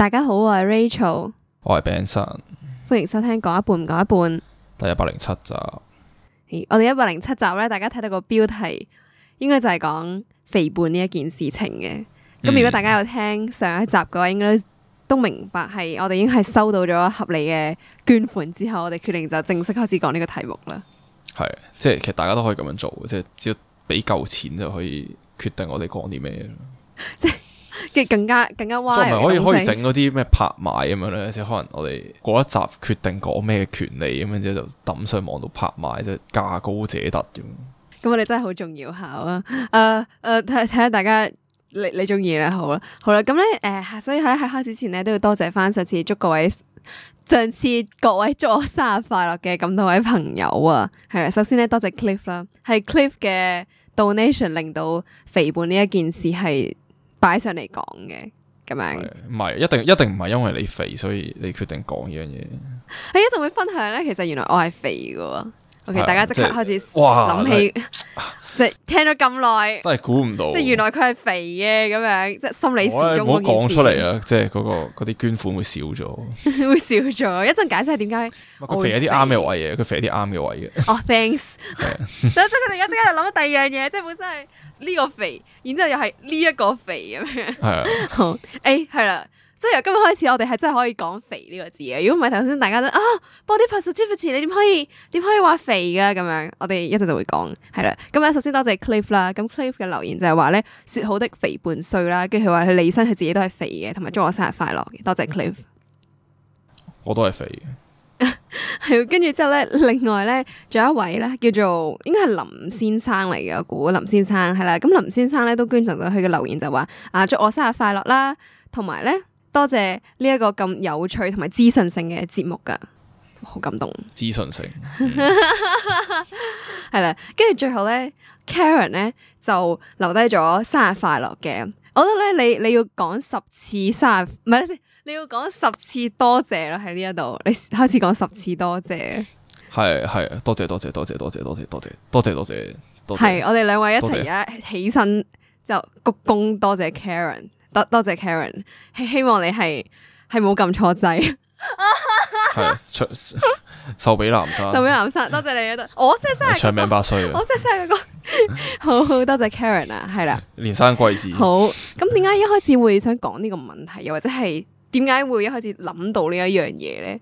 大家好，我係 Rachel，我係 Benson，歡迎收聽《講一半唔講一半》，第一百零七集。哎、我哋一百零七集咧，大家睇到個標題，應該就係講肥胖呢一件事情嘅。咁、嗯、如果大家有聽上一集嘅話，應該都明白係我哋已經係收到咗合理嘅捐款之後，我哋決定就正式開始講呢個題目啦。係，即係其實大家都可以咁樣做，即係只要俾夠錢就可以決定我哋講啲咩即係。 即係更加更加歪，即係可以東可以整嗰啲咩拍賣咁樣咧，即係可能我哋嗰一集決定講咩嘅權利咁樣之後就抌上網度拍賣啫，價高者得咁。咁我哋真係好重要下啊！誒、呃、誒，睇睇下大家你你中意啦，好啦，好啦，咁咧誒，所以咧喺開始前咧都要多謝翻，上次祝各位上次各位祝我生日快樂嘅咁多位朋友啊，係啦，首先咧多謝 Cliff 啦，係 Cliff 嘅 Donation 令到肥胖呢一件事係。擺上嚟講嘅咁樣，唔係一定一定唔係因為你肥所以你決定講呢樣嘢。你一陣會分享咧，其實原來我係肥嘅。O K，大家即刻開始哇諗起，即係聽咗咁耐，真係估唔到，即係原來佢係肥嘅咁樣，即係心理。我唔好講出嚟啊，即係嗰個嗰啲捐款會少咗，會少咗。一陣解釋係點解我肥一啲啱嘅位嘅，佢肥一啲啱嘅位嘅。哦，thanks。即係佢哋而家即刻就諗到第二樣嘢，即係本身係。呢個肥，然之後又係呢一個肥咁樣係啊。 的好誒，係、欸、啦，即係由今日開始，我哋係真係可以講肥呢個字嘅。如果唔係頭先大家都啊，body positivity，你點可以點可以話肥噶咁樣？我哋一陣就會講係、嗯嗯、啦。咁咧，首先多謝 Clive 啦。咁 Clive 嘅留言就係話咧，說好的肥胖稅啦，跟住佢話佢李生佢自己都係肥嘅，同埋祝我生日快樂嘅。多謝 Clive，我都係肥嘅。係，跟住之後咧，另外咧，仲有一位咧，叫做應該係林先生嚟嘅，估林先生係啦。咁林先生咧都捐贈咗佢嘅留言，就話啊祝我生日快樂啦，同埋咧多謝呢一個咁有趣同埋資訊性嘅節目噶，好感動，資訊性係啦。跟住 最後咧，Karen 咧就留低咗生日快樂嘅，我覺得咧你你要講十次生日，唔係。你要講十次多謝啦，喺呢一度你開始講十次多謝，係係多謝多謝多謝多謝多謝多謝多謝多謝，係我哋兩位一齊而家起身就鞠躬多謝 Karen，多多謝 Karen，希希望你係係冇撳錯掣，係壽比南山，壽比南山，多謝你，我真係長命百歲，我真係真係好多謝，謝，謝，謝，謝 Karen 啊！係啦，連生貴子。好，咁點解一開始會想講呢個問題，又或者係？點解會一開始諗到呢一樣嘢咧？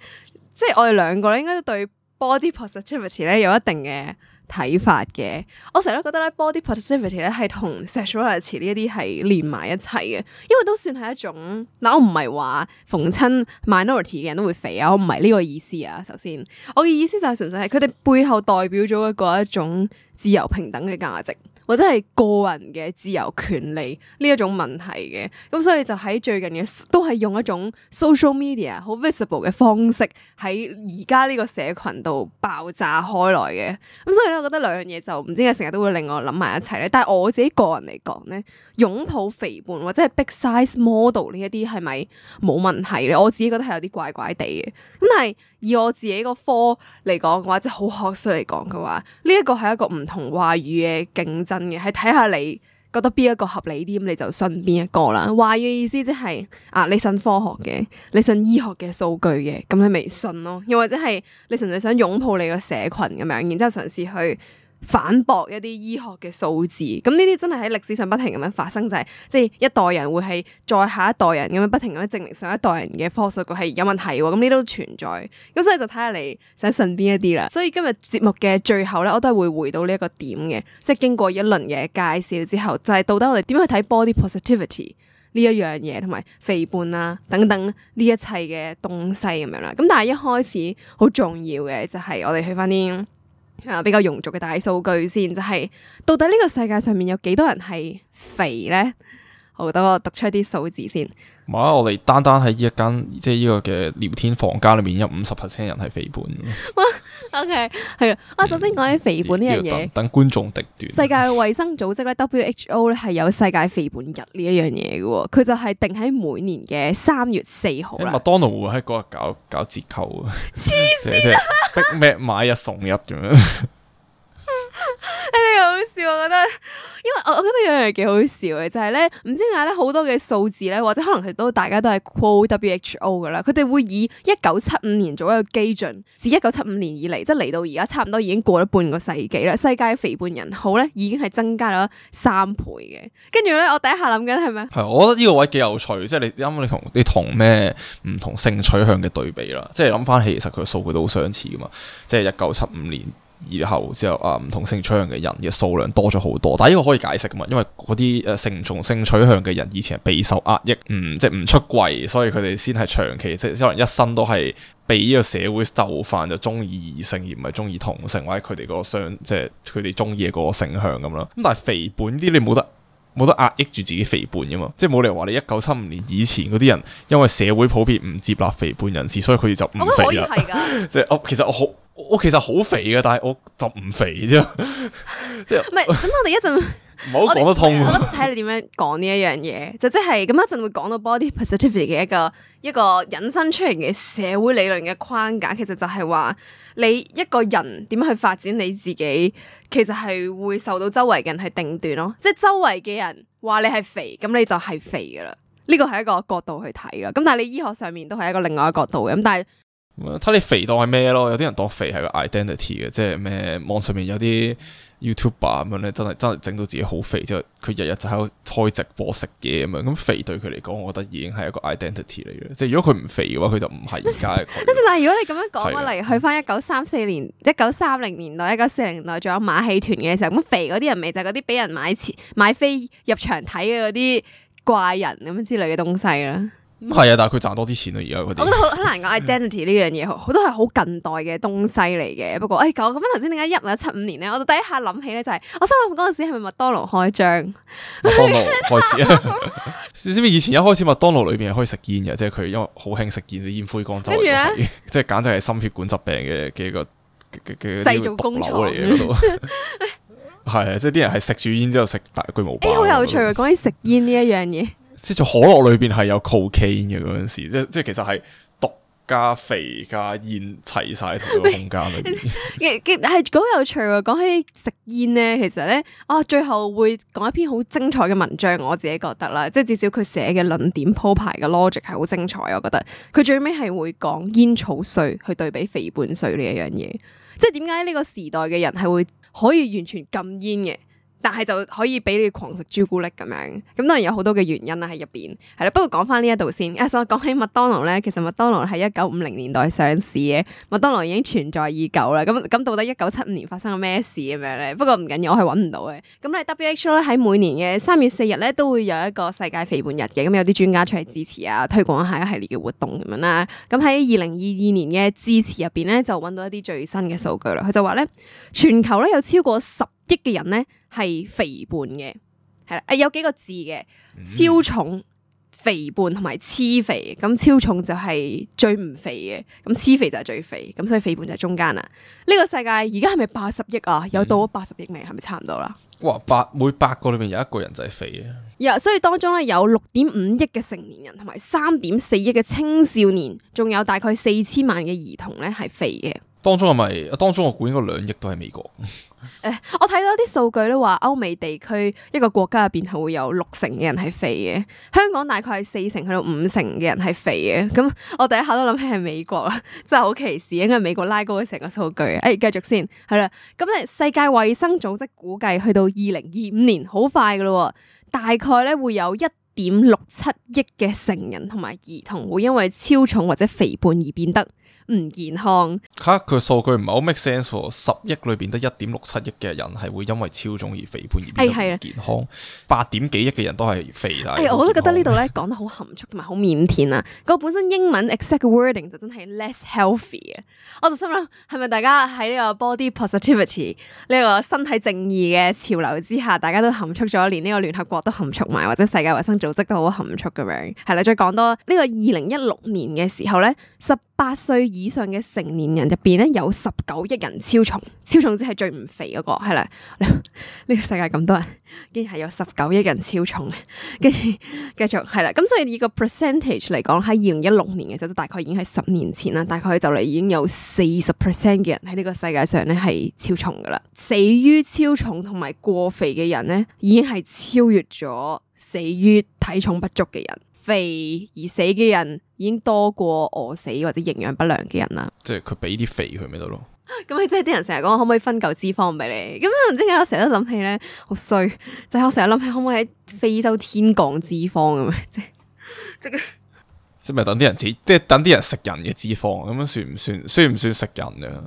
即係我哋兩個咧，應該對 body positivity 咧有一定嘅睇法嘅。我成日都覺得咧，body positivity 咧係同 sexuality 呢一啲係連埋一齊嘅，因為都算係一種。嗱，我唔係話逢親 minority 嘅人都會肥啊，我唔係呢個意思啊。首先，我嘅意思就係純粹係佢哋背後代表咗一個一種自由平等嘅價值。或者係個人嘅自由權利呢一種問題嘅，咁所以就喺最近嘅都係用一種 social media 好 visible 嘅方式喺而家呢個社群度爆炸開來嘅，咁所以咧我覺得兩樣嘢就唔知點解成日都會令我諗埋一齊咧。但係我自己個人嚟講咧，擁抱肥胖或者係 big size model 呢一啲係咪冇問題咧？我自己覺得係有啲怪怪地嘅，咁但係。以我自己個科嚟講嘅話，即係好學術嚟講嘅話，呢一個係一個唔同話語嘅競爭嘅，係睇下你覺得邊一個合理啲，咁你就信邊一個啦。話語嘅意思即係啊，你信科學嘅，你信醫學嘅數據嘅，咁你咪信咯。又或者係你純粹想擁抱你個社群咁樣，然之後嘗試去。反駁一啲醫學嘅數字，咁呢啲真係喺歷史上不停咁樣發生，就係即係一代人會喺再下一代人咁樣不停咁樣證明上一代人嘅科學數據係有問題嘅，咁呢都存在，咁所以就睇下你想信邊一啲啦。所以今日節目嘅最後咧，我都係會回到呢一個點嘅，即係經過一輪嘅介紹之後，就係到底我哋點樣去睇 body positivity 呢一樣嘢，同埋肥胖啦等等呢一切嘅東西咁樣啦。咁但係一開始好重要嘅就係我哋去翻啲。啊，比較庸俗嘅大數據先，就係、是、到底呢個世界上面有幾多人係肥咧？好，等我讀出一啲數字先。唔係，我哋單單喺呢一間即係依個嘅聊天房間裏面有五十 percent 人係肥胖。哇，OK 係啊，我首先講起肥胖呢樣嘢，等觀眾敵端。世界衞生組織咧 WHO 咧係有世界肥胖日呢一樣嘢嘅喎，佢就係定喺每年嘅三月四號啦。麥當勞會喺嗰日搞搞折扣啊！黐線，Big Mac 買一送一咁樣。誒， 好笑我覺得，因為我我覺得有樣嘢幾好笑嘅，就係、是、咧，唔知點解咧好多嘅數字咧，或者可能係都大家都係 quote WHO 噶啦，佢哋會以一九七五年做一個基準，自一九七五年以嚟，即係嚟到而家差唔多已經過咗半個世紀啦。世界肥胖人口咧已經係增加咗三倍嘅，跟住咧我第一下諗緊係咩？係，我覺得呢個位幾有趣，即、就、係、是、你啱啱你同你同咩唔同性取向嘅對比啦，即係諗翻起其實佢嘅數據都好相似噶嘛，即係一九七五年。以後之後啊，唔同性取向嘅人嘅數量多咗好多，但係呢個可以解釋噶嘛？因為嗰啲誒性同性取向嘅人以前係備受壓抑，嗯，即係唔出櫃，所以佢哋先係長期即係可能一生都係俾呢個社會就範，就中意異性而唔係中意同性或者佢哋個相即係佢哋中意嘅個性向咁啦。咁但係肥胖啲你冇得冇得壓抑住自己肥胖噶嘛？即係冇理由話你一九七五年以前嗰啲人因為社會普遍唔接納肥胖人士，所以佢哋就唔肥啦。即係我 其實我好。我其實好肥噶，但係我就唔肥啫， 即係。唔係， 咁我哋一陣唔好講得通。我睇你點樣講呢一樣嘢，就即係咁一陣 會講到 body positivity 嘅一個一個引申出嚟嘅社會理論嘅框架。其實就係話你一個人點樣去發展你自己，其實係會受到周圍嘅人係定斷咯。即係周圍嘅人話你係肥，咁你就係肥噶啦。呢個係一個角度去睇咯。咁但係你醫學上面都係一,一個另外一個角度嘅。咁但係。但睇你肥當係咩咯？有啲人當肥係個 identity 嘅，即係咩網上面有啲 YouTuber 咁樣咧，真係真係整到自己好肥，之後佢日日就喺度開直播食嘢咁樣。咁肥對佢嚟講，我覺得已經係一個 identity 嚟嘅。即係如果佢唔肥嘅話，佢就唔係而家但係，如果你咁樣講，嚟是的 去翻一九三四年，一九三零年代，一九四零年代，仲有馬戲團嘅時候，咁肥嗰啲人咪就係嗰啲俾人買飛買飛入場睇嘅嗰啲怪人咁之類嘅東西啦。咁係啊，但係佢賺多啲錢啊。而家佢哋，我覺得好難講 identity 呢樣嘢，好多係好近代嘅東西嚟嘅。不過誒，咁咁頭先點解入嚟得七五年咧？我就第一下諗起咧就係、是、我心諗嗰陣時係咪麥當勞開張？麥當勞開始啊！你知唔知以前一開始麥當勞裏邊係可以食煙嘅，即係佢因為好興食煙，啲煙灰缸。跟住 即係簡直係心血管疾病嘅嘅個製造工廠嚟嘅都。係啊，即係啲人係食住煙之後食但佢冇。誒、哎，好有趣啊！講起食煙呢一樣嘢。即係做可樂裏邊係有 cocaine 嘅嗰陣時，即即係其實係毒加肥加煙齊晒，喺同一個空間裏邊。係好有趣喎，講起食煙咧，其實咧，啊最後會講一篇好精彩嘅文章，我自己覺得啦，即係至少佢寫嘅論點鋪排嘅 logic 係好精彩，我覺得佢最尾係會講煙草稅去對比肥胖稅呢一樣嘢，即係點解呢個時代嘅人係會可以完全禁煙嘅？但係就可以俾你狂食朱古力咁樣，咁當然有好多嘅原因啦喺入邊，係啦。不過講翻呢一度先。誒、啊，所講起麥當勞咧，其實麥當勞喺一九五零年代上市嘅，麥當勞已經存在已久啦。咁咁到底一九七五年發生咗咩事咁樣咧？不過唔緊要，我係搵唔到嘅。咁咧，W H O 咧喺每年嘅三月四日咧都會有一個世界肥胖日嘅，咁有啲專家出嚟支持啊，推廣下一系列嘅活動咁樣啦。咁喺二零二二年嘅支持入邊咧就搵到一啲最新嘅數據啦。佢就話咧，全球咧有超過十億嘅人咧。係肥胖嘅，係啦，有幾個字嘅，超重、肥胖同埋痴肥。咁超重就係最唔肥嘅，咁痴肥就係最肥，咁所以肥胖就係中間啦。呢、這個世界而家係咪八十億啊？有到咗八十億未？係咪、嗯、差唔多啦？哇，八每百個裏面有一個人就係肥嘅，Yeah, 所以當中咧有六點五億嘅成年人同埋三點四億嘅青少年，仲有大概四千萬嘅兒童咧係肥嘅。當中係咪？當中我估應該兩億都係美國。誒、哎，我睇到啲數據咧話，歐美地區一個國家入邊係會有六成嘅人係肥嘅，香港大概係四成去到五成嘅人係肥嘅。咁我第一下都諗起係美國啦，真係好歧視，應該係美國拉高咗成個數據。誒、哎，繼續先，係啦。咁咧，世界衛生組織估計去到二零二五年，好快噶啦，大概咧會有一點六七億嘅成人同埋兒童會因為超重或者肥胖而變得。唔健康，卡，佢數據唔係好 make sense 十億裏邊得一點六七億嘅人係會因為超重而肥胖而變得唔健康，八、哎、點幾億嘅人都係肥啦、哎。我都覺得呢度咧講得好含蓄同埋好靦腆啊！嗰本身英文 exact wording 就真係 less healthy 嘅，啊，我就心諗係咪大家喺呢個 body positivity 呢個身體正義嘅潮流之下，大家都含蓄咗，連呢個聯合國都含蓄埋，或者世界衛生組織都好含蓄咁樣，係啦，再講多呢、呢個二零一六年嘅時候咧，十。八歲以上嘅成年人入邊咧，有十九億人超重，超重只係最唔肥嗰個，係啦。呢 個世界咁多人，竟然係有十九億人超重。跟住繼續係啦，咁所以以個 percentage 嚟講，喺二零一六年嘅時候，都大概已經係十年前啦。大概就嚟已經有四十 percent 嘅人喺呢個世界上咧係超重噶啦。死於超重同埋過肥嘅人咧，已經係超越咗死於體重不足嘅人。肥而死嘅人已經多過餓死或者營養不良嘅人啦，即係佢俾啲肥佢咪得咯？咁你即係啲人成日講可唔可以分嚿脂肪俾你？咁唔知點解我成日都諗起咧，好衰！就係、是、我成日諗起可唔可以喺非洲天降脂肪咁樣， 即係即係，咪等啲人即係等啲人食人嘅脂肪咁樣，算唔算？算唔算食人啊？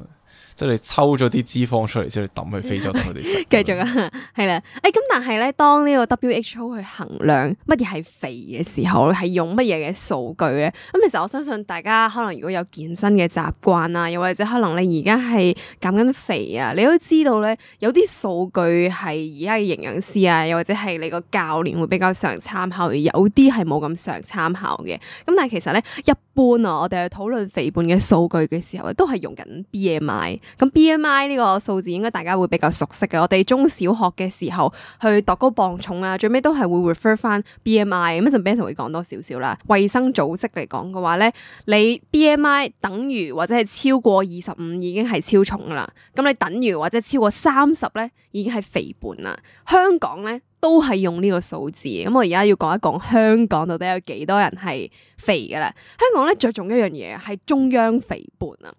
即係你抽咗啲脂肪出嚟，先去抌去非洲等佢哋食。繼 續啊，係啦，誒、哎，咁但係咧，當呢個 WHO 去衡量乜嘢係肥嘅時候，係、嗯、用乜嘢嘅數據咧？咁、嗯、其實我相信大家可能如果有健身嘅習慣啊，又或者可能你而家係減緊肥啊，你都知道咧，有啲數據係而家嘅營養師啊，又或者係你個教練會比較常參考，而有啲係冇咁常參考嘅。咁但係其實咧，一般啊，我哋去討論肥胖嘅數據嘅時候，都係用緊 BMI。咁 BMI 呢個數字應該大家會比較熟悉嘅，我哋中小學嘅時候去度高磅重啊，最尾都係會 refer 翻 BMI。咁一陣 Ben 同佢講多少少啦。衛生組織嚟講嘅話咧，你 BMI 等於或者係超過二十五已經係超重啦。咁你等於或者超過三十咧，已經係肥胖啦。香港咧都係用呢個數字。咁我而家要講一講香港到底有幾多人係肥噶啦？香港咧着重一樣嘢係中央肥胖啊。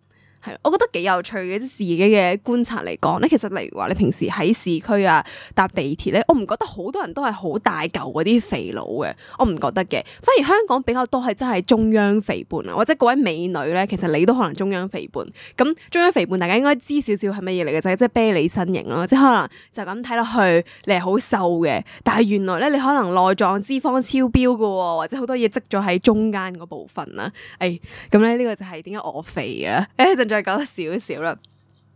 係，我覺得幾有趣嘅，即自，自己嘅觀察嚟講咧。其實例如話，你平時喺市區啊，搭地鐵咧，我唔覺得好多人都係好大嚿嗰啲肥佬嘅，我唔覺得嘅。反而香港比較多係真係中央肥胖啊，或者嗰位美女咧，其實你都可能中央肥胖。咁中央肥胖大家應該知少少係乜嘢嚟嘅，就係即係啤你身形咯，即係可能就咁睇落去你係好瘦嘅，但係原來咧你可能內臟脂肪超標嘅，或者好多嘢積咗喺中間嗰部分啊。誒、哎，咁咧呢個就係點解我肥啊？誒、哎再講少少啦，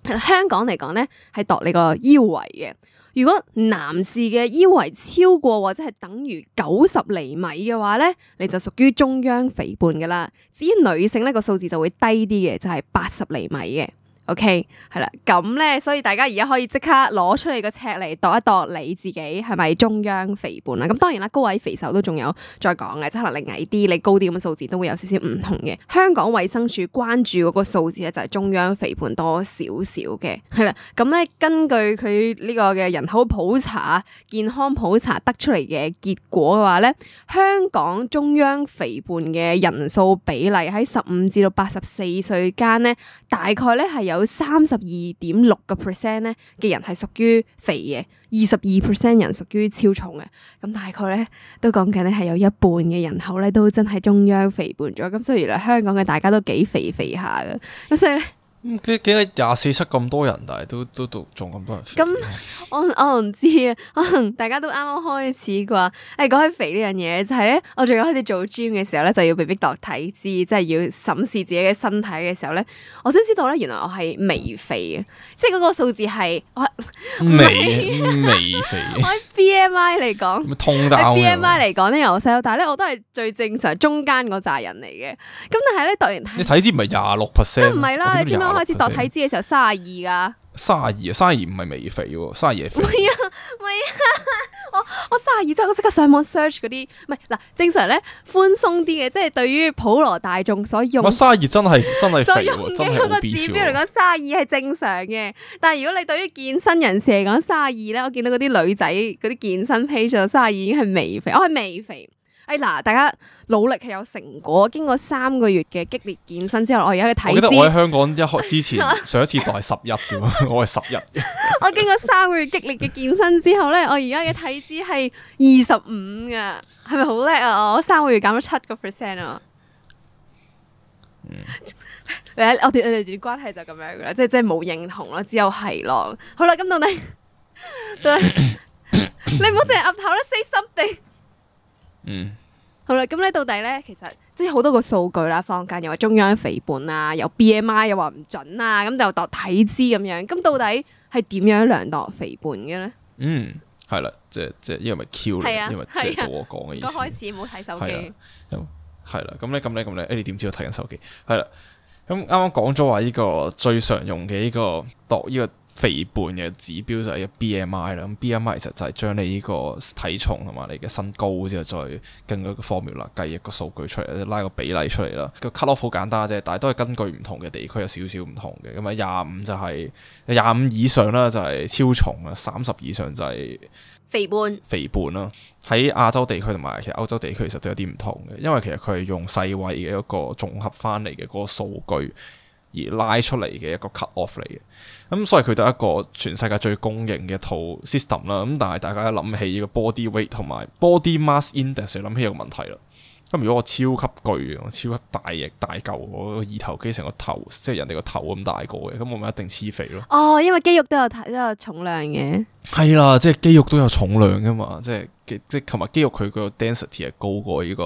喺香港嚟講咧，係度你個腰圍嘅。如果男士嘅腰圍超過或者係等於九十厘米嘅話咧，你就屬於中央肥胖噶啦。至於女性咧，個數字就會低啲嘅，就係八十厘米嘅。OK，係啦，咁咧，所以大家而家可以即刻攞出你個尺嚟度一度你自己係咪中央肥胖啦、啊？咁當然啦，高位肥瘦都仲有再講嘅，即係可能你矮啲，你高啲咁嘅數字都會有少少唔同嘅。香港衛生署關注嗰個數字咧，就係中央肥胖多少少嘅，係啦。咁咧，根據佢呢個嘅人口普查、健康普查得出嚟嘅結果嘅話咧，香港中央肥胖嘅人數比例喺十五至到八十四歲間咧，大概咧係有。有三十二點六個 percent 咧嘅人係屬於肥嘅，二十二 percent 人屬於超重嘅，咁大概咧都講緊咧係有一半嘅人口咧都真係中央肥胖咗，咁所以原來香港嘅大家都幾肥肥下㗎，咁所以咧。幾幾廿四七咁多人，但係都都都仲咁多人。咁我我唔知啊，可能大家都啱啱開始啩。誒、哎，講起肥呢樣嘢，就係咧，我最近開始做 gym 嘅時候咧，就要被逼度體脂，即、就、係、是、要審視自己嘅身體嘅時候咧，我先知道咧，原來我係微肥啊，即係嗰個數字係我微是微肥 我。喺 BMI 嚟講，喺 BMI 嚟講咧，由細到大咧，我都係最正常中間嗰扎人嚟嘅。咁但係咧，突然你體脂唔係廿六 percent？唔係啦。啊剛剛開始度體脂嘅時候，三廿二噶，三廿二啊，三廿二唔係微肥喎，三廿二肥。唔係啊，係啊，我我三廿二之後我即刻上網 search 嗰啲，唔係嗱，正常咧寬鬆啲嘅，即係對於普羅大眾所用。我三廿二真係真係肥喎，真係冇個指標嚟講三廿二係正常嘅。但係如果你對於健身人士嚟講三廿二咧，我見到嗰啲女仔嗰啲健身 page 就三廿二已經係微肥，我係微肥。哎嗱，大家努力係有成果，經過三個月嘅激烈健身之後，我而家嘅體，我記得我喺香港開學之前 上一次代十一嘅，我係十一嘅。我經過三個月激烈嘅健身之後咧， 我而家嘅體脂係二十五啊，係咪好叻啊？我三個月減咗七個 percent 啊！嗯、 我哋我哋關係就咁樣噶啦，即係即係冇認同咯，只有係咯。好啦，咁到底，到你，到你，你唔好淨係岌頭啦，say something。嗯，好啦，咁咧到底咧，其實即係好多個數據啦，坊間又話中央肥胖啊，有 B 又 B M I 又話唔準啊，咁就度體脂咁樣，咁到底係點樣量度肥胖嘅咧？嗯，係啦，即係即係，因為 Q 嚟，因為的即係我講嘅意思。我開始冇睇手機，係啦，咁咧咁咧咁咧，誒，你點知道我睇緊手機？係啦，咁啱啱講咗話呢個最常用嘅呢個度呢個。這個這個肥胖嘅指標就係 B M I 啦，咁 B M I 其實就係將你呢個體重同埋你嘅身高之後再根據個 formula 計一個數據出嚟，拉個比例出嚟啦。個 cut off 好簡單啫，但係都係根據唔同嘅地區有少少唔同嘅。咁啊、就係，廿五就係廿五以上啦，就係超重啦；三十以上就係肥胖。肥胖啦，喺亞洲地區同埋其實歐洲地區其實都有啲唔同嘅，因為其實佢係用世衞嘅一個綜合翻嚟嘅嗰個數據。而拉出嚟嘅一個 cut off 嚟嘅，咁、嗯、所以佢都係一個全世界最公認嘅一套 system 啦。咁但係大家一諗起呢個 body weight 同埋 body mass index，就諗起一個問題啦。咁如果我超級巨，我超級大翼大嚿，我二頭肌成個頭，即係人哋個頭咁大個嘅，咁我咪一定黐肥咯。哦，因為肌肉都有都有重量嘅。係啦，即係肌肉都有重量㗎嘛，即係即係同埋肌肉佢個 density 係高過呢個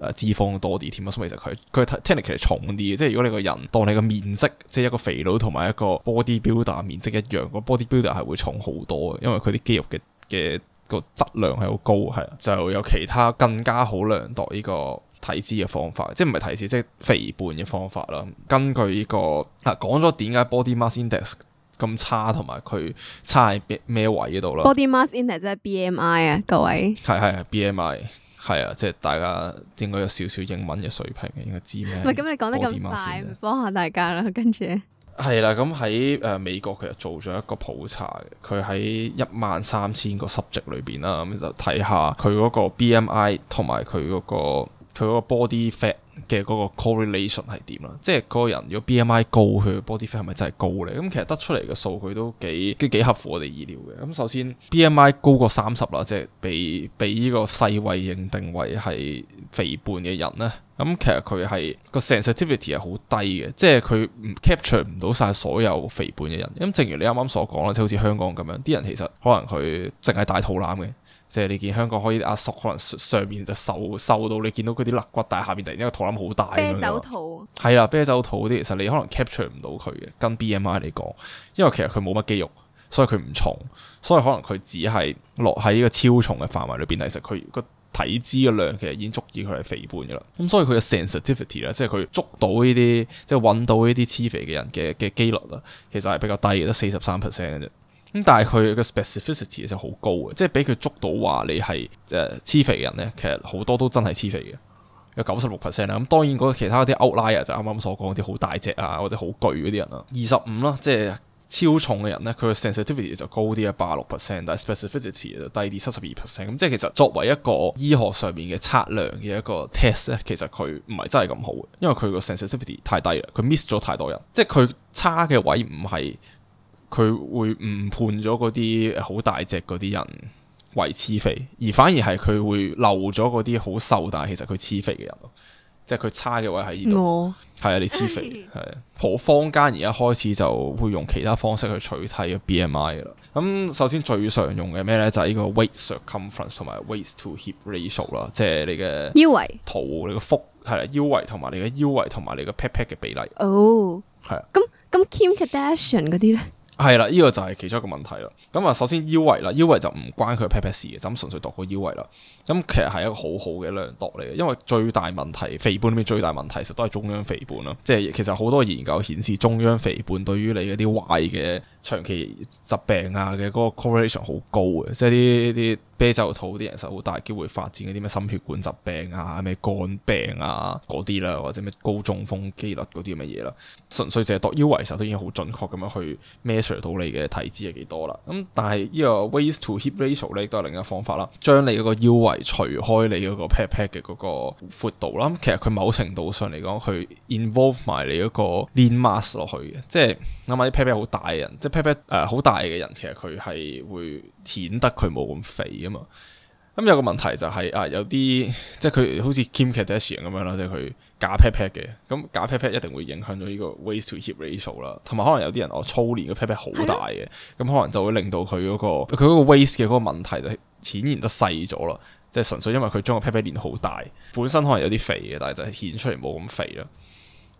誒脂肪多啲添啊。所以其實佢佢體 technically 重啲嘅。即係如果你個人當你個面積，即係一個肥佬同埋一個 bodybuilder 面積一樣，個 bodybuilder 係會重好多嘅，因為佢啲肌肉嘅嘅。個質量係好高。係啊，就有其他更加好量度呢個體脂嘅方法，即係唔係體脂，即係肥胖嘅方法啦。根據呢個啊，講咗點解 body mass index 咁差，同埋佢差喺咩位度啦？body mass index 即係 B M I 啊，各位係係係 B M I，係啊，即係大家應該有少少英文嘅水平，應該知咩？唔係咁，你講得咁快，唔幫下大家啦，跟住。係啦，咁喺誒美國其實做咗一個普查嘅，佢喺一萬三千個 subject 裏邊啦，咁就睇下佢嗰個 BMI 同埋佢、那、嗰個佢嗰個 body fat。嘅嗰個 correlation 係點啦？即係嗰個人如果 BMI 高，佢 body fat 係咪真係高咧？咁、嗯、其實得出嚟嘅數據都幾即係幾合乎我哋意料嘅。咁、嗯、首先 BMI 高過三十啦，即係被被呢個世衛認定為係肥胖嘅人咧。咁、嗯、其實佢係、個 sensitivity 係好低嘅，即係佢 capture 唔到晒所有肥胖嘅人。咁、嗯、正如你啱啱所講啦，即係好似香港咁樣，啲人其實可能佢淨係大肚腩嘅。即係你見香港可以阿叔，可能上面就瘦，瘦到你見到佢啲肋骨，但係下面突然間個肚腩好大。啤酒肚。係啦，啤酒肚啲其實你可能 capture 唔到佢嘅，跟 BMI 嚟講，因為其實佢冇乜肌肉，所以佢唔重，所以可能佢只係落喺呢個超重嘅範圍裏邊，其實佢個體脂嘅量其實已經足以佢係肥胖噶啦。咁所以佢嘅 sensitivity 啦，即係佢捉到呢啲，即係揾到呢啲黐肥嘅人嘅嘅機率啦，其實係比較低嘅，得四十三 percent 嘅啫。咁但係佢嘅 specificity 就好高嘅，即係俾佢捉到話你係誒痴肥嘅人咧，其實好多都真係痴肥嘅，有九十六 percent 啦。咁、啊、當然嗰其他啲 outlier 就啱啱所講啲好大隻啊或者好巨嗰啲人啦、啊，二十五啦，即係超重嘅人咧，佢嘅 sensitivity 就高啲啊，八六 percent，但係 specificity 就低啲，七十二 percent。咁即係其實作為一個醫學上面嘅測量嘅一個 test 咧，其實佢唔係真係咁好嘅，因為佢個 sensitivity 太低啦，佢 miss 咗太多人，即係佢差嘅位唔係。佢會誤判咗嗰啲好大隻嗰啲人為痴肥，而反而係佢會漏咗嗰啲好瘦但係其實佢痴肥嘅人，即係佢差嘅位喺呢度。係我 啊，你痴肥係 啊，好坊間而家開始就會用其他方式去取締嘅 BMI 啦。咁、嗯、首先最常用嘅咩咧，就係、是、呢個 waist circumference 同埋 waist to hip ratio 啦，即係 U. 你嘅、啊、腰圍、肚、你嘅腹係啊腰圍同埋你嘅腰圍同埋你嘅 pat pat 嘅比例。哦，係啊。咁咁 Kim Kardashian 啲咧？係啦，呢個就係其中一個問題啦。咁啊，首先腰圍啦，腰圍就唔關佢 pat pat 事嘅，就咁純粹度個腰圍啦。咁、嗯、其實係一個好好嘅量度嚟嘅，因為最大問題肥胖裏面最大問題實都係中央肥胖咯。即係其實好多研究顯示中央肥胖對於你嗰啲壞嘅長期疾病啊嘅嗰個 correlation 好高嘅，即係啲啲啤酒肚啲人實好大機會發展嗰啲咩心血管疾病啊、咩肝病啊嗰啲啦，或者咩高中風機率嗰啲咁嘅嘢啦。純粹淨係度腰圍時候都已經好準確咁樣去咩？除到你嘅體脂係幾多啦？咁、嗯、但係呢個 waist to hip ratio 咧，亦都係另一個方法啦。將你嗰個腰圍除開你嗰個 pat pat 嘅嗰個闊度啦。咁其實佢某程度上嚟講，佢 involve 埋你嗰個 lean mass 落去嘅。即係啱啱啲 pat pat 好大嘅人，即係 pat pat 誒好大嘅人，其實佢係會顯得佢冇咁肥啊嘛。咁、嗯、有個問題就係、是、啊，有啲即係佢好似 Kim Kardashian 咁樣啦，即係佢假 pat pat 嘅。咁、嗯、假 pat pat 一定會影響到呢個 waist to hip ratio 啦。同埋可能有啲人我操練個 pat pat 好大嘅，咁、嗯嗯、可能就會令到佢嗰、那個佢嗰個 waist 嘅嗰個問題就顯然得細咗啦。即係純粹因為佢將個 pat pat 練好大，本身可能有啲肥嘅，但係就係顯出嚟冇咁肥啦。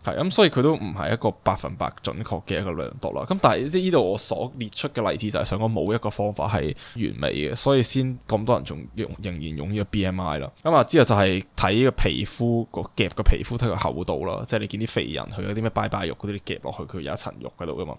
係咁、嗯，所以佢都唔係一個百分百準確嘅一個量度啦。咁但係即係呢度我所列出嘅例子就係想講冇一個方法係完美嘅，所以先咁多人仲用仍然用呢個 BMI 啦。咁、嗯、啊之後就係睇個皮膚個夾個皮膚睇個厚度啦，即係你見啲肥人佢有啲咩拜拜肉嗰啲，你夾落去，佢有一層肉喺度噶嘛。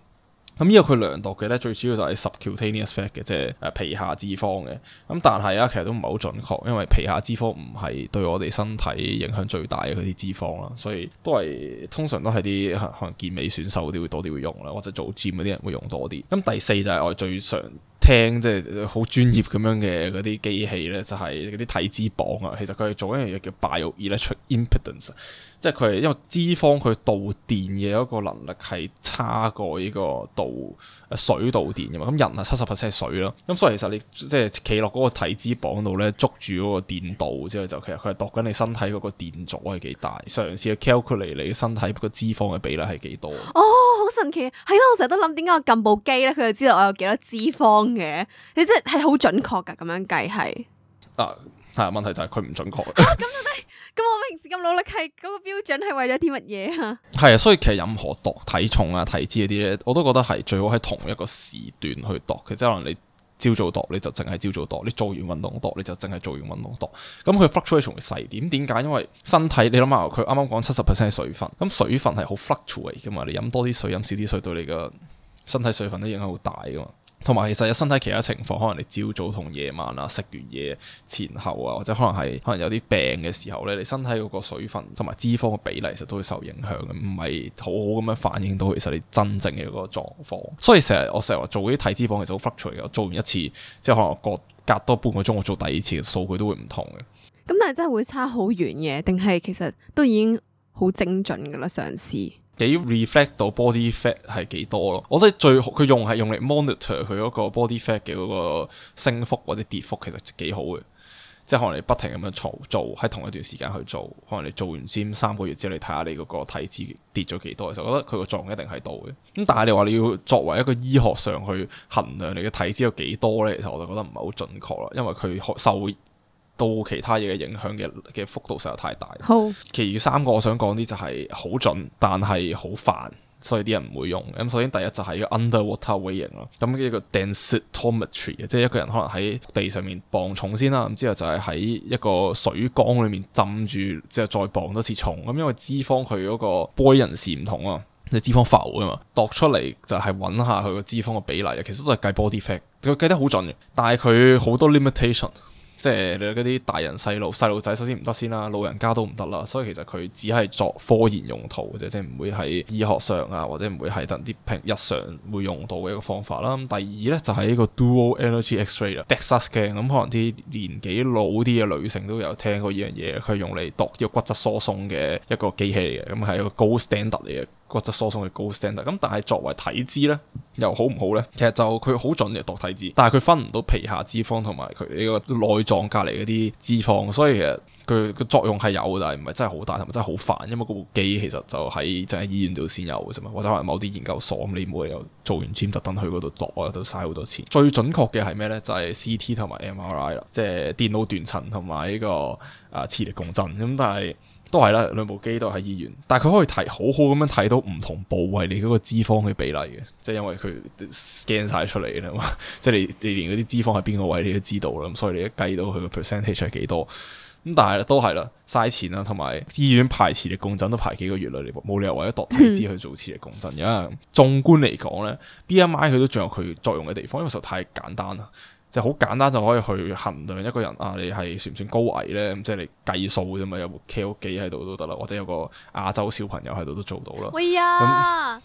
咁呢個佢量度嘅咧，最主要就係 subcutaneous fat 嘅，即係誒皮下脂肪嘅。咁但係啊，其實都唔係好準確，因為皮下脂肪唔係對我哋身體影響最大嘅嗰啲脂肪啦，所以都係通常都係啲可能健美選手啲會多啲會用啦，或者做 gym 嗰啲人會用多啲。咁第四就係我哋最常聽即係好專業咁樣嘅嗰啲機器咧，就係嗰啲體脂磅啊。其實佢係做一樣嘢叫 bioelectric impedance，即係佢係因為脂肪佢導電嘅一個能力係差過呢個導水導電嘅嘛。咁人啊七十 percent 係水咯，咁所以其實你即係企落嗰個體脂磅度咧，捉住嗰個電導之後就其實佢係度緊你身體嗰個電阻係幾大，嘗試去 calculate 你身體個脂肪嘅比例係幾多。哦，好神奇，係咯，我成日都諗點解我撳部機咧，佢就知道我有幾多脂肪。嘅，你即係好準確噶，咁樣計係，啊係啊，問題就係佢唔準確、啊。咁到底，咁 我平時咁努力，係嗰個標準係為咗啲乜嘢啊？係啊，所以其實任何度體重啊、體脂嗰啲咧，我都覺得係最好喺同一個時段去度。佢即係可能你朝早度，度，你就淨係朝早度，度；你做完運動度，你就淨係做完運動度。咁佢 fluctuate 從細點，點解？因為身體你諗下，佢啱啱講七十 percent 水分，咁水分係好 fluctuate 嘅嘛。你飲多啲水，飲少啲水，對你嘅身體水分都影響好大噶嘛。同埋，其實有身體其他情況，可能你朝早同夜晚啊，食完嘢前後啊，或者可能係可能有啲病嘅時候咧，你身體嗰個水分同埋脂肪嘅比例，其實都會受影響嘅，唔係好好咁樣反映到其實你真正嘅嗰個狀況。所以成日我成日話做嗰啲體脂肪其實好忽隨嘅，我做完一次即係可能隔隔多半個鐘，我做第二次嘅數據都會唔同嘅。咁但係真係會差好遠嘅，定係其實都已經好精準噶啦，嘗試。幾 reflect 到 body fat 係幾多咯？我覺得最好佢用係用嚟 monitor 佢嗰個 body fat 嘅嗰個升幅或者跌幅，其實幾好嘅，即係可能你不停咁樣嘈做喺同一段時間去做，可能你做完先三個月之後你睇下你嗰個體脂跌咗幾多，其實我覺得佢個作用一定係到嘅。咁但係你話你要作為一個醫學上去衡量你嘅體脂有幾多咧，其實我就覺得唔係好準確啦，因為佢受到其他嘢嘅影響嘅嘅幅度實在太大。好，其餘三個我想講啲就係好準，但係好煩，所以啲人唔會用。咁、嗯、首先第一就係 underwater weighing 咯、嗯，咁呢個 densitometry 嘅，即係一個人可能喺地上面磅重先啦，咁、嗯、之後就係喺一個水缸裏面浸住之後再磅多次重。咁、嗯、因為脂肪佢嗰個 body 人士唔同啊，即係脂肪浮啊嘛，度出嚟就係揾下佢個脂肪嘅比例，其實都係計 body fat，佢計得好準嘅，但係佢好多 limitation。即係你嗰啲大人細路細路仔首先唔得先啦，老人家都唔得啦，所以其實佢只係作科研用途嘅啫，即係唔會喺醫學上啊，或者唔會係等啲平日常會用到嘅一個方法啦。咁第二咧就係、是、呢個 dual Energy X-ray 啦 ，DEXA scan，咁、嗯、可能啲年紀老啲嘅女性都有聽過呢樣嘢，佢用嚟度呢個骨質疏鬆嘅一個機器嘅，咁、嗯、係一個高 standard 嚟嘅。骨質疏鬆嘅高 standard 啦，咁但係作為體脂咧又好唔好咧？其實就佢好準嘅度體脂，但係佢分唔到皮下脂肪同埋佢呢個內臟隔離嗰啲脂肪，所以其實佢嘅作用係有，但係唔係真係好大，同埋真係好煩，因為部機其實就喺就喺醫院度先有啫嘛，或者話某啲研究所咁，你冇理由做完 gym 特登去嗰度度啊，都嘥好多錢。最準確嘅係咩咧？就係、是、CT 同埋 MRI 啦，即係電腦斷層同埋呢個啊磁力共振咁，但係，都係啦，兩部機都係醫院，但係佢可以睇好好咁樣睇到唔同部位你嗰個脂肪嘅比例嘅，即係因為佢 scan 晒出嚟啦嘛，即係你你連嗰啲脂肪喺邊個位你都知道啦，咁所以你一計到佢個 percentage 係幾多，咁但係都係啦，嘥錢啦，同埋醫院排磁力共振都排幾個月啦，你冇理由為咗度體脂去做磁力共振。因為縱觀嚟講咧，B M I 佢都仲有佢作用嘅地方，因為實在太簡單啦。就好簡單就可以去衡量一個人啊，你係算唔算高危咧？咁即係你計數啫嘛，有部計喺度都得啦，或者有個亞洲小朋友喺度都做到啦。會啊呀，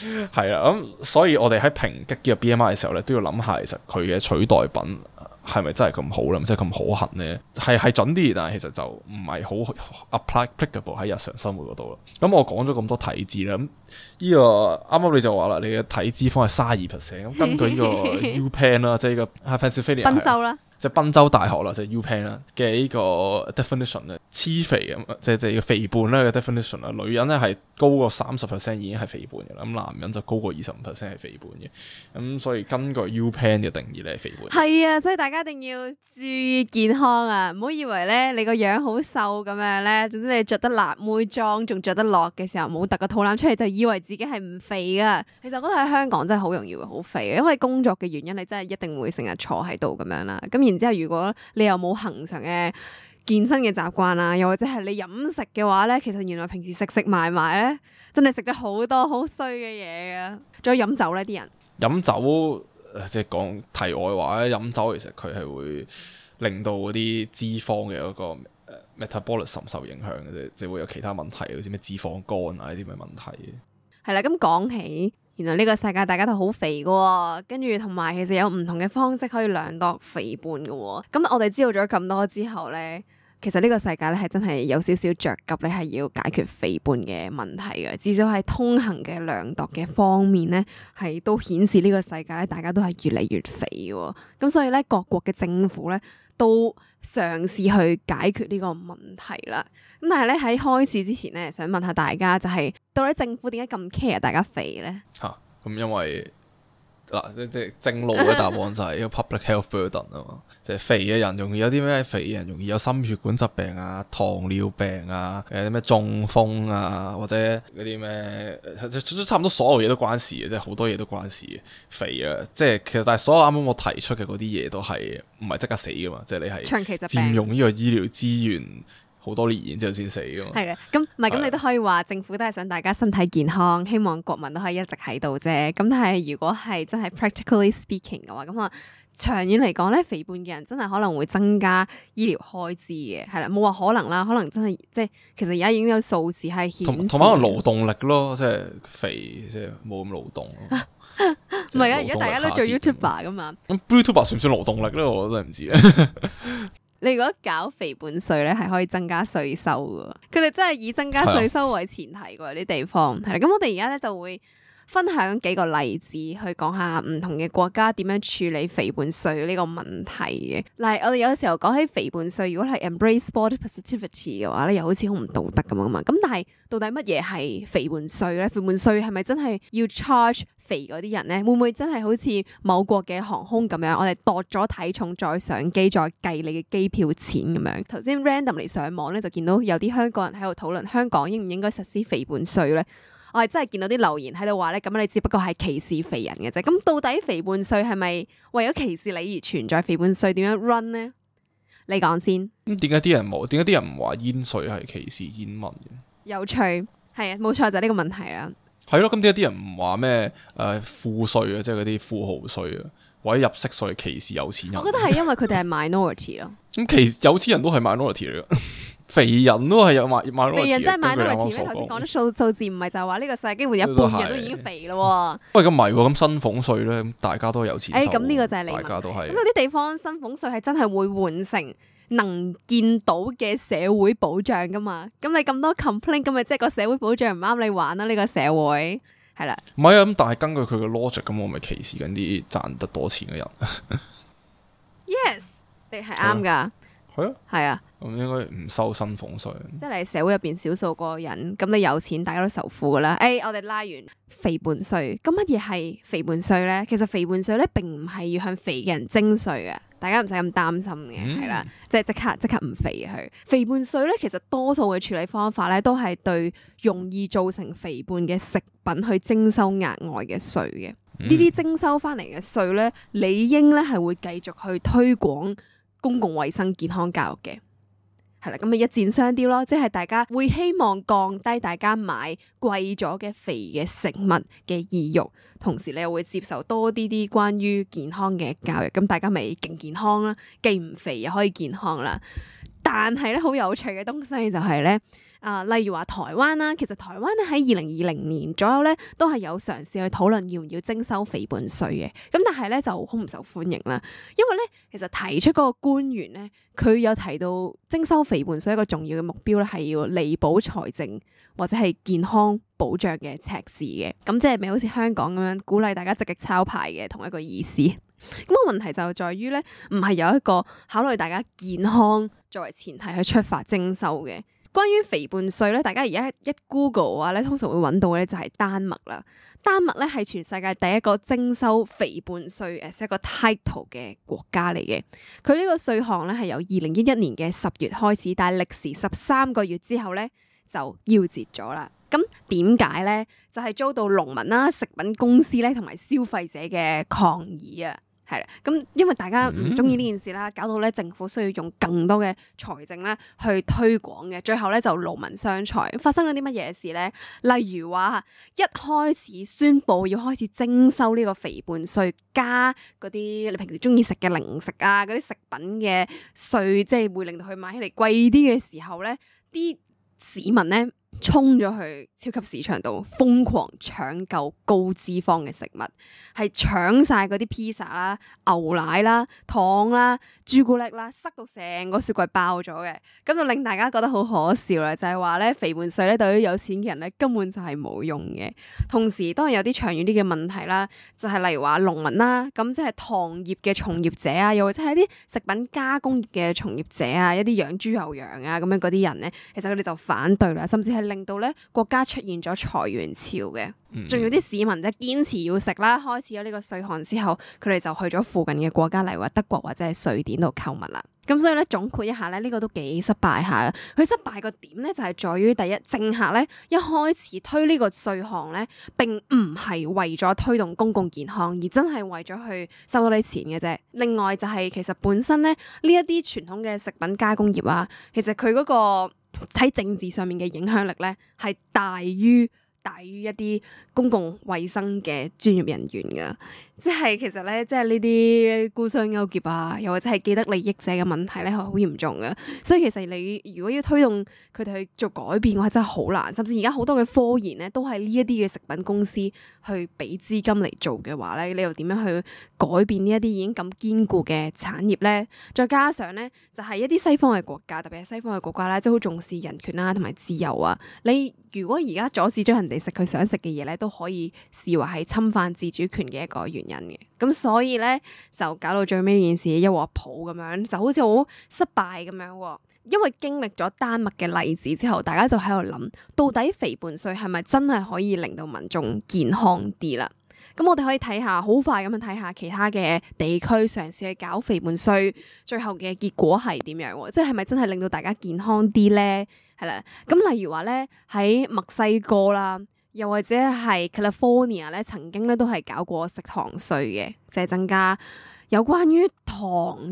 係啦、嗯，咁、 嗯、所以我哋喺評擊呢個 B M I 嘅時候咧，都要諗下其實佢嘅取代品。係咪真係咁好啦？即係咁可行咧？係係準啲，但係其實就唔係好 applicable 喺日常生活嗰度咯。咁、嗯、我講咗咁多體脂啦，咁、嗯、呢、這個啱啱你就話啦，你嘅體脂肪係32 percent 咁，根據個 UPenn 啦，en, 即係個 Pennsylvania。賓州啦。即就賓州大學啦，就 UPenn 啦嘅呢個 definition 啊，黐肥咁，即即係肥胖啦嘅 definition 啦。女人咧係高過三十 percent 已經係肥胖嘅啦，咁男人就高過二十五 percent 係肥胖嘅。咁、嗯、所以根據 UPenn 嘅定義咧，係肥胖。係啊，所以大家一定要注意健康啊，唔好以為咧你個樣好瘦咁樣咧，總之你着得辣妹裝仲着得落嘅時候，冇凸個肚腩出嚟就以為自己係唔肥噶。其實覺得喺香港真係好容易會好肥，因為工作嘅原因，你真係一定會成日坐喺度咁樣啦。咁然之後，如果你又冇恒常嘅健身嘅習慣啊，又或者係你飲食嘅話咧，其實原來平時食食埋埋咧，真係食咗好多好衰嘅嘢啊。仲有飲酒咧啲人。飲酒即係講題外話咧，飲酒其實佢係會令到嗰啲脂肪嘅嗰個、呃、metabolism 受影響嘅啫，即係會有其他問題，好似咩脂肪肝啊呢啲咩問題嘅。係啦，咁講起。原來呢個世界大家都好肥嘅喎。哦，跟住同埋其實有唔同嘅方式可以量度肥胖嘅喎。咁我哋知道咗咁多之後咧。其實呢個世界咧係真係有少少着急，咧係要解決肥胖嘅問題嘅。至少喺通行嘅量度嘅方面咧，係都顯示呢個世界咧大家都係越嚟越肥喎。咁所以咧，各國嘅政府咧都嘗試去解決呢個問題啦。咁但係咧喺開始之前咧，想問下大家就係、是、到底政府點解咁 care 大家肥咧？吓、啊？咁因為。嗱，即即正路嘅答案就係呢個 public health burden 啊嘛，就係肥嘅人容易有啲咩，肥嘅人容易有心血管疾病啊、糖尿病啊、誒啲咩中風啊，或者嗰啲咩，差唔多所有嘢都關事嘅，即係好多嘢都關事肥啊，即係其實但係所有啱啱我提出嘅嗰啲嘢都係唔係即刻死噶嘛，即係你係佔用呢個醫療資源。好多年然之後先死噶嘛？係咧，咁唔係咁，你都可以話政府都係想大家身體健康，是的 希望國民都可以一直喺度啫。咁但係如果係真係 practically speaking 嘅話，咁啊長遠嚟講咧，肥胖嘅人真係可能會增加醫療開支嘅。係啦，冇話可能啦，可能真係即係其實而家已經有數字係顯同同埋個勞動力咯，即係肥即係冇咁勞動咯。唔係啊，而家動大家都做 YouTuber 噶嘛？咁 YouTuber 算唔算勞動力咧？我都係唔知啊。 你如果搞肥胖稅咧，係可以增加稅收噶。佢哋真係以增加稅收為前提㗎喎啲 地方。係啦，咁我哋而家咧就會。 分享幾個例子去講下唔同嘅國家點樣處理肥胖稅呢個問題嘅。嗱，我哋有時候講起肥胖稅，如果係 embrace body positivity 嘅話咧，又好似好唔道德咁啊嘛。咁但係到底乜嘢係肥胖稅咧？肥胖稅係咪真係要 charge 肥嗰啲人咧？會唔會真係好似某國嘅航空咁樣，我哋度咗體重再上機再計你嘅機票錢咁樣？頭先 random 嚟上網咧，就見到有啲香港人喺度討論香港應唔應該實施肥胖稅咧。我係真係見到啲留言喺度話咧，咁你只不過係歧視肥人嘅啫。咁到底肥胖稅係咪為咗歧視你而存在？肥胖稅點樣 run 呢？你講先。咁點解啲人冇？點解啲人唔話煙稅係歧視煙民？有趣，係啊，冇錯就係、是、呢個問題啦。係咯，咁點解啲人唔話咩？誒、呃，富稅啊，即係嗰啲富豪稅啊，或者入息稅歧視有錢人？我覺得係因為佢哋係 minority 咯 了。咁其有錢人都係 minority 嚟㗎。 肥人都係有買買咗肥，真係買咗位置。頭先講啲數數字唔係就係話呢個世界幾乎一半人都已經肥咯喎。都係個迷喎，咁薪俸稅咧，大家都有錢收。誒、哎、咁、嗯、呢、這個就係你問嘅。咁有啲地方薪俸稅係真係會換成能見到嘅社會保障噶嘛？咁你咁多 complaint，咁咪即係個社會保障唔啱你玩啦？呢個社會係啦。唔係啊，咁、嗯、但係根據佢嘅 logic，咁、嗯、我咪歧視緊啲賺得多錢嘅人。 yes，你係啱噶。係啊。係啊。我應該唔收薪俸稅，即係你社會入邊少數個人咁，你有錢，大家都仇富噶啦。誒、哎，我哋拉完肥胖稅，咁乜嘢係肥胖稅咧？其實肥胖稅咧，並唔係要向肥嘅人徵稅嘅，大家唔使咁擔心嘅，係、嗯、啦，即係即刻即刻唔肥佢肥胖稅咧。其實多數嘅處理方法咧，都係對容易造成肥胖嘅食品去徵收額外嘅稅嘅。呢啲、嗯、徵收翻嚟嘅稅咧，理應咧係會繼續去推廣公共衛生健康教育嘅。係啦，咁咪 一箭雙雕咯，即係大家會希望降低大家買貴咗嘅肥嘅食物嘅意欲，同時你又會接受多啲啲關於健康嘅教育，咁大家咪勁健康啦，既唔肥又可以健康啦。但係咧，好有趣嘅東西就係咧。啊、呃，例如話台灣啦，其實台灣咧喺二零二零年左右咧，都係有嘗試去討論要唔要徵收肥胖稅嘅。咁但係咧就好唔受歡迎啦，因為咧其實提出嗰個官員咧，佢有提到徵收肥胖稅一個重要嘅目標咧，係要彌補財政或者係健康保障嘅赤字嘅。咁即係咪好似香港咁樣鼓勵大家積極抄牌嘅同一個意思？咁、那個問題就在於咧，唔係有一個考慮大家健康作為前提去出發徵收嘅。關於肥胖稅咧，大家而家一 Google 嘅話咧，通常會揾到嘅咧就係丹麥啦。丹麥咧係全世界第一個徵收肥胖稅誒，即、呃、係個 title 嘅國家嚟嘅。佢呢個稅項咧係由二零一一年嘅十月開始，但係歷時十三個月之後咧就夭折咗啦。咁點解咧？就係、是、遭到農民啦、食品公司咧同埋消費者嘅抗議啊！係啦，咁因為大家唔中意呢件事啦，搞到咧政府需要用更多嘅財政咧去推廣嘅，最後咧就勞民傷財。發生咗啲乜嘢事咧？例如話，一開始宣布要開始徵收呢個肥胖稅，加嗰啲你平時中意食嘅零食啊、嗰啲食品嘅稅，即係會令到佢買起嚟貴啲嘅時候咧，啲市民咧。沖咗去超級市場度瘋狂搶購高脂肪嘅食物，係搶晒嗰啲 pizza 啦、牛奶啦、糖啦、朱古力啦，塞到成個雪櫃爆咗嘅，咁就令大家覺得好可笑啦。就係話咧，肥胖稅咧，對於有錢嘅人咧，根本就係冇用嘅。同時，當然有啲長遠啲嘅問題啦，就係、是、例如話農民啦，咁即係糖業嘅從業者啊，又或者係啲食品加工嘅從業者啊，一啲養豬牛羊啊咁樣嗰啲人咧，其實佢哋就反對啦，甚至係。令到咧國家出現咗裁員潮嘅，仲有啲市民咧，堅持要食啦。開始咗呢個稅項之後，佢哋就去咗附近嘅國家，例如話德國或者係瑞典度購物啦。咁所以咧，總括一下咧，呢、這個都幾失敗下。佢失敗個點咧，就係在於第一，政客咧一開始推呢個稅項咧，並唔係為咗推動公共健康，而真係為咗去收多啲錢嘅啫。另外就係、是、其實本身咧呢一啲傳統嘅食品加工業啊，其實佢嗰、那個。喺政治上面嘅影響力咧，係大於大於一啲公共衛生嘅專業人員噶。即係其實咧，即係呢啲官商勾結啊，又或者係既得利益者嘅問題咧，係好嚴重㗎。所以其實你如果要推動佢哋去做改變嘅話真係好難。甚至而家好多嘅科研咧，都係呢一啲嘅食品公司去俾資金嚟做嘅話咧，你又點樣去改變呢一啲已經咁堅固嘅產業咧？再加上咧，就係、是、一啲西方嘅國家，特別係西方嘅國家咧，即係好重視人權啦，同埋自由啊。你如果而家阻止咗人哋食佢想食嘅嘢咧，都可以視為係侵犯自主權嘅一個原因。嘅咁，所以咧就搞到最尾呢件事一鑊泡咁樣，就好似好失敗咁樣喎。因為經歷咗丹麥嘅例子之後，大家就喺度諗，到底肥胖稅係咪真係可以令到民眾健康啲啦？咁我哋可以睇下，好快咁樣睇下其他嘅地區嘗試去搞肥胖稅，最後嘅結果係點樣？即係咪真係令到大家健康啲咧？係啦，咁例如話咧喺墨西哥啦。又或者係 California 咧，曾經咧都係搞過食糖稅嘅，即係增加有關於糖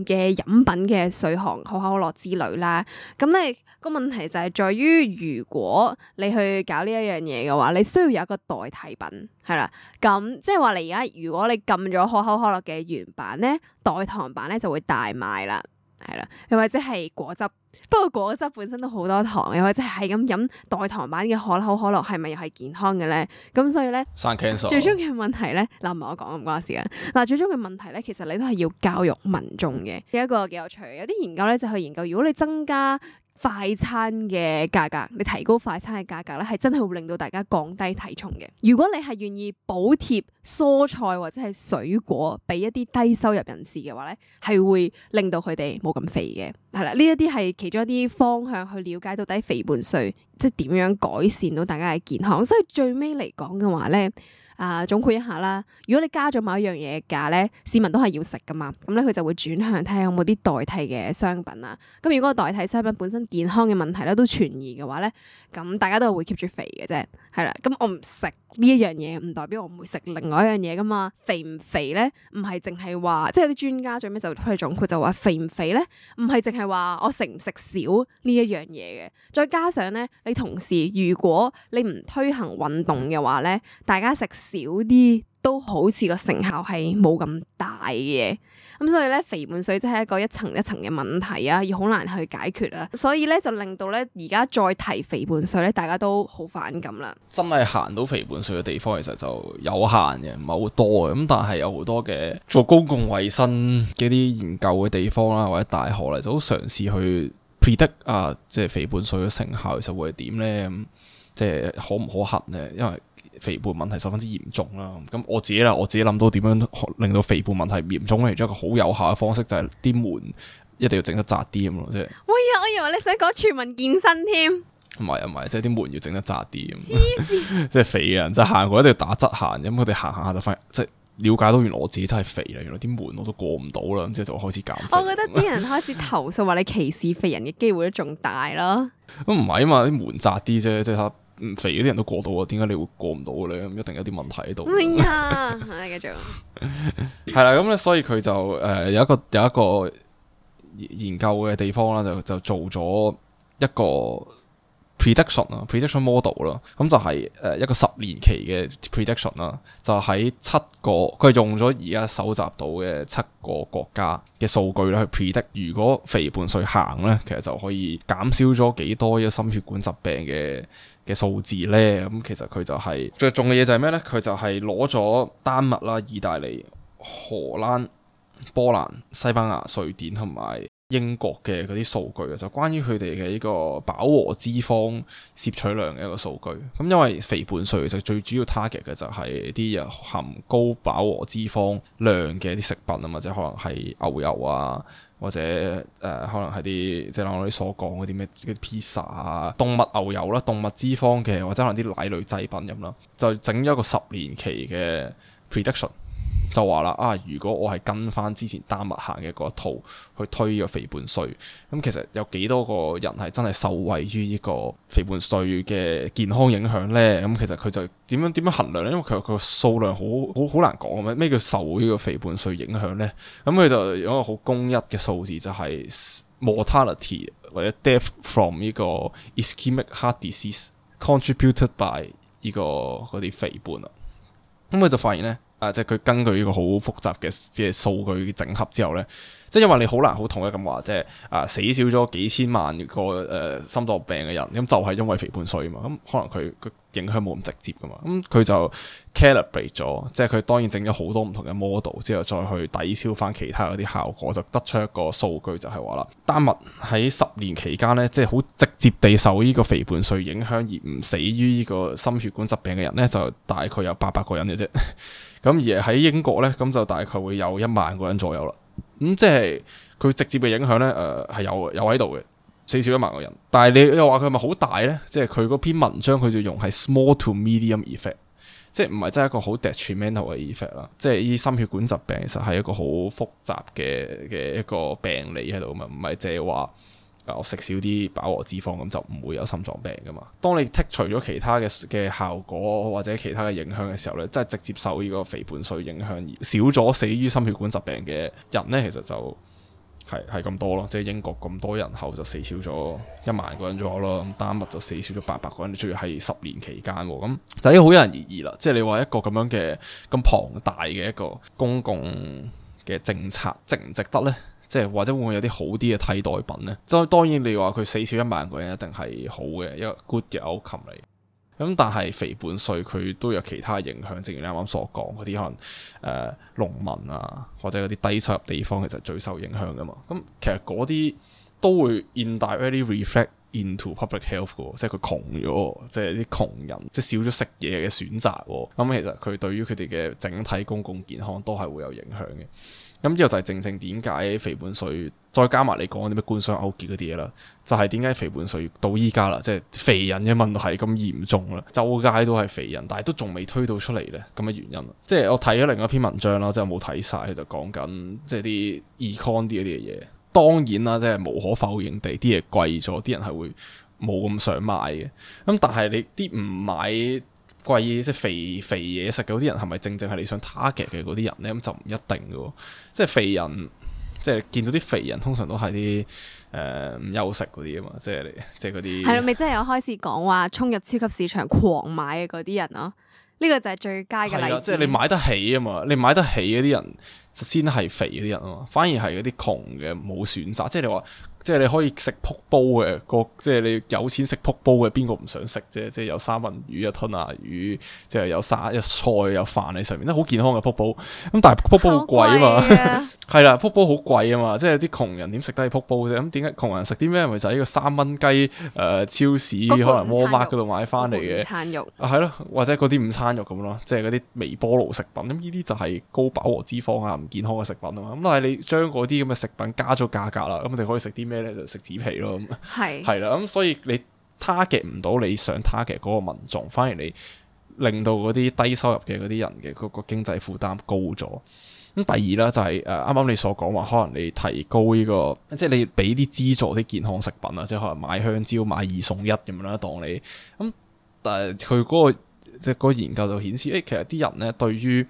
嘅飲品嘅稅項，可口可樂之類啦。咁、嗯、咧、那個問題就係在於，如果你去搞呢一樣嘢嘅話，你需要有一個代替品，係啦。咁、嗯、即係話你而家如果你撳咗可口可樂嘅原版咧，代糖版咧就會大賣啦。係啦，又或者係果汁，不過果汁本身都好多糖，又或者係咁飲代糖版嘅可口可樂，係咪又係健康嘅咧？咁所以咧、呃呃，最終嘅問題咧，嗱唔係我講，唔關我時間。嗱，最終嘅問題咧，其實你都係要教育民眾嘅、這個，有一個幾有趣，有啲研究咧就去研究，如果你增加。快餐嘅價格，你提高快餐嘅價格咧，係真係會令到大家降低體重嘅。如果你係願意補貼蔬菜或者係水果俾一啲低收入人士嘅話咧，係會令到佢哋冇咁肥嘅。係啦，呢一啲係其中一啲方向去了解到底肥胖稅即係點樣改善到大家嘅健康。所以最尾嚟講嘅話咧。啊，總括一下啦，如果你加咗某一樣嘢嘅價咧，市民都係要食噶嘛，咁咧佢就會轉向睇下有冇啲代替嘅商品啊。咁如果代替商品本身健康嘅問題咧都存疑嘅話咧，咁大家都會 keep 住肥嘅啫，係啦。咁我唔食呢一樣嘢，唔代表我唔會食另外一樣嘢噶嘛。肥唔肥咧，唔係淨係話，即係啲專家最尾就推總括就話肥唔肥咧，唔係淨係話我食唔食少呢一樣嘢嘅。再加上咧，你同時如果你唔推行運動嘅話咧，大家食少啲都好似個成效係冇咁大嘅，咁所以咧肥胖稅真係一個一層一層嘅問題啊，而好難去解決啦、啊。所以咧就令到咧而家再提肥胖稅咧，大家都好反感啦。真係行到肥胖稅嘅地方，其實就有限嘅，唔係好多嘅。咁但係有好多嘅做公共衛生嘅啲研究嘅地方啦，或者大學咧，就好嘗試去 predict 啊，即係肥胖稅嘅成效其實會係點咧，即係可唔可行咧？因為肥胖問題十分之嚴重啦，咁我自己啦，我自己諗到點樣令到肥胖問題唔嚴重咧，其中一個好有效嘅方式就係啲門一定要整得窄啲咁咯，即係。我以我以為你想講全民健身添。唔係啊，唔係，即係啲門要整得窄啲咁。黐線，即係肥人就行過一定要打側行，咁佢哋行行下就發現，即係了解到原來我自己真係肥啦，原來啲門我都過唔到啦，咁即係就開始減。我覺得啲人開始投訴話你歧視肥人嘅機會都仲大咯。咁唔係啊嘛，啲門窄啲啫，即係。唔肥啲人都過到啊？點解你會過唔到咧？咁一定有啲問題喺度。唔呀，繼續。係啦，咁咧，所以佢就誒有一個有一個研究嘅地方啦，就就做咗一個 prediction 啊 prediction model 啦。咁就係誒一個十年期嘅 prediction 啦。就喺七個，佢用咗而家搜集到嘅七個國家嘅數據咧去 predict，如果肥胖稅行咧，其實就可以減少咗幾多嘅心血管疾病嘅。嘅數字呢，咁其實佢就係、是、最重嘅嘢就係咩呢？佢就係攞咗丹麥啦、意大利、荷蘭、波蘭、西班牙、瑞典同埋英國嘅嗰啲數據。就關於佢哋嘅呢個飽和脂肪攝取量嘅一個數據。咁因為肥胖稅其實最主要 target 嘅就係啲有含高飽和脂肪量嘅一啲食品啊嘛，即係可能係牛油啊。或者誒、呃、可能係啲即係我哋所講啲咩啲 pizza 啊，動物牛油啦，動物脂肪嘅，或者可能啲奶類製品咁啦，就整咗一個十年期嘅 prediction。就話啦，啊！如果我係跟翻之前丹麥行嘅嗰一套去推呢個肥胖稅，咁、嗯、其實有幾多個人係真係受惠於呢個肥胖稅嘅健康影響咧？咁、嗯、其實佢就點樣點樣衡量咧？因為其實佢個數量好好好難講啊！咩叫受呢個肥胖稅影響咧？咁、嗯、佢就有一個好公一嘅數字，就係、是、mortality 或者 death from 呢個 ischemic heart disease contributed by 呢、這個嗰啲肥胖啊。咁佢就發現咧。啊！即係佢根據呢個好複雜嘅嘅數據整合之後呢，即係因為你好難好統一咁話，即係啊死少咗幾千萬個誒、呃、心臟病嘅人，咁、嗯、就係、是、因為肥胖稅啊嘛，咁、嗯、可能佢佢影響冇咁直接噶嘛，咁、嗯、佢就 calibrate 咗，即係佢當然整咗好多唔同嘅 model 之後，再去抵消翻其他嗰啲效果，就得出一個數據，就係話啦，丹麥喺十年期間呢，即係好直接地受呢個肥胖稅影響而唔死於呢個心血管疾病嘅人呢，就大概有八百個人嘅啫。咁而喺英國咧，咁就大概會有一萬個人左右啦。咁、嗯、即係佢直接嘅影響咧，誒、呃、係有，有喺度嘅，死少一萬個人。但係你又話佢係咪好大咧？即係佢嗰篇文章佢就用係 small to medium effect，即係唔係真係一個好 detrimental 嘅 effect 啦。即係呢心血管疾病其實係一個好複雜嘅嘅一個病理喺度嘛，唔係淨係話，我食少啲飽和脂肪，咁就唔會有心臟病噶嘛。當你剔除咗其他嘅嘅效果或者其他嘅影響嘅時候呢，即係直接受呢個肥胖稅影響而少咗死於心血管疾病嘅人呢，其實就係係咁多咯。即係英國咁多人口就死少咗一萬個人咗咯，丹麥就死少咗八百個人，仲要係十年期間咁。但係好有人異議啦，即係你話一個咁樣嘅咁龐大嘅一個公共嘅政策，值唔值得呢？即係或者會唔會有啲好啲嘅替代品呢？即係當然，你話佢死少一萬個人一定係好嘅一個 good 嘅 outcome 嚟。咁但係肥胖稅佢都有其他影響，正如你啱啱所講，嗰啲可能誒、呃、農民啊，或者嗰啲低收入地方其實最受影響噶嘛。咁其實嗰啲都會 indirectly reflect into public health 嘅，即係佢窮咗，即係啲窮人，即係少咗食嘢嘅選擇。咁其實佢對於佢哋嘅整體公共健康都係會有影響嘅。咁之後就係正正點解肥胖稅再加埋你講啲咩官商勾結嗰啲嘢啦，就係點解肥胖稅到依家啦，即係肥人嘅問題咁嚴重啦，周街都係肥人，但係都仲未推到出嚟咧咁嘅原因。即係我睇咗另一篇文章啦，即係冇睇晒，就講緊即係啲 econ 啲嗰啲嘢。當然啦，即係無可否認地，啲嘢貴咗，啲人係會冇咁想買嘅。咁但係你啲唔買。貴即係肥肥嘢食嘅嗰啲人係咪正正係你想 target 嘅嗰啲人呢？咁就唔一定嘅，即係肥人，即係見到啲肥人通常都係啲誒唔休息嗰啲啊嘛，即係你即係嗰啲係咯，咪即係有開始講話衝入超級市場狂買嘅嗰啲人咯。哦，呢個就係最佳嘅例子。係啊，即係你買得起啊嘛，你買得起嗰啲人就先係肥嗰啲人啊嘛，反而係嗰啲窮嘅冇選擇，即係你話。即係你可以食卜煲嘅，個即係你有錢食卜煲嘅，邊個唔想食啫？即係有三文魚、一吞拿魚，即係有沙有菜有飯喺上面，都好健康嘅卜煲。咁但係卜煲好貴啊嘛，係啦、啊， 卜煲好貴啊嘛，即係啲窮人點食得起卜煲啫？咁點解窮人食啲咩？咪就係、是、呢個三蚊雞誒，超市可能沃爾瑪嗰度買翻嚟嘅午餐肉啊，係咯，或者嗰啲午餐肉咁咯，即係嗰啲微波爐食品。咁呢啲就係高飽和脂肪啊，唔健康嘅食品啊嘛。咁但係你將嗰啲咁嘅食品加咗價格啦，咁我哋可以食啲。咩咧就食、是、紙皮咯，係係啦，咁所以你 target 唔到你想 target 嗰個民眾，反而你令到嗰啲低收入嘅嗰啲人嘅嗰個經濟負擔高咗。咁、嗯、第二啦就係誒啱啱你所講話，可能你提高呢、這個，即係你俾啲資助啲健康食品啊，即係可能買香蕉買二送一咁樣啦，當你咁、嗯，但係佢嗰個即係嗰個研究就顯示，誒、欸、其實啲人咧對於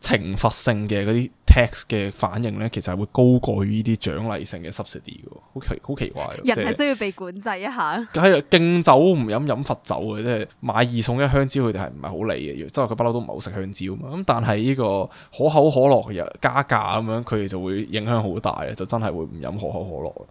懲罰性嘅嗰啲。tax 嘅反應咧，其實係會高過於呢啲獎勵性嘅 subsidy 嘅，好奇好奇怪。人係需要被管制一下。係啊，敬酒唔飲飲罰酒嘅，即係買二送一香蕉，佢哋係唔係好理嘅？即係佢不嬲都唔係好食香蕉啊嘛。咁但係呢個可口可樂又加價咁樣，佢哋就會影響好大嘅，就真係會唔飲可口可，可樂。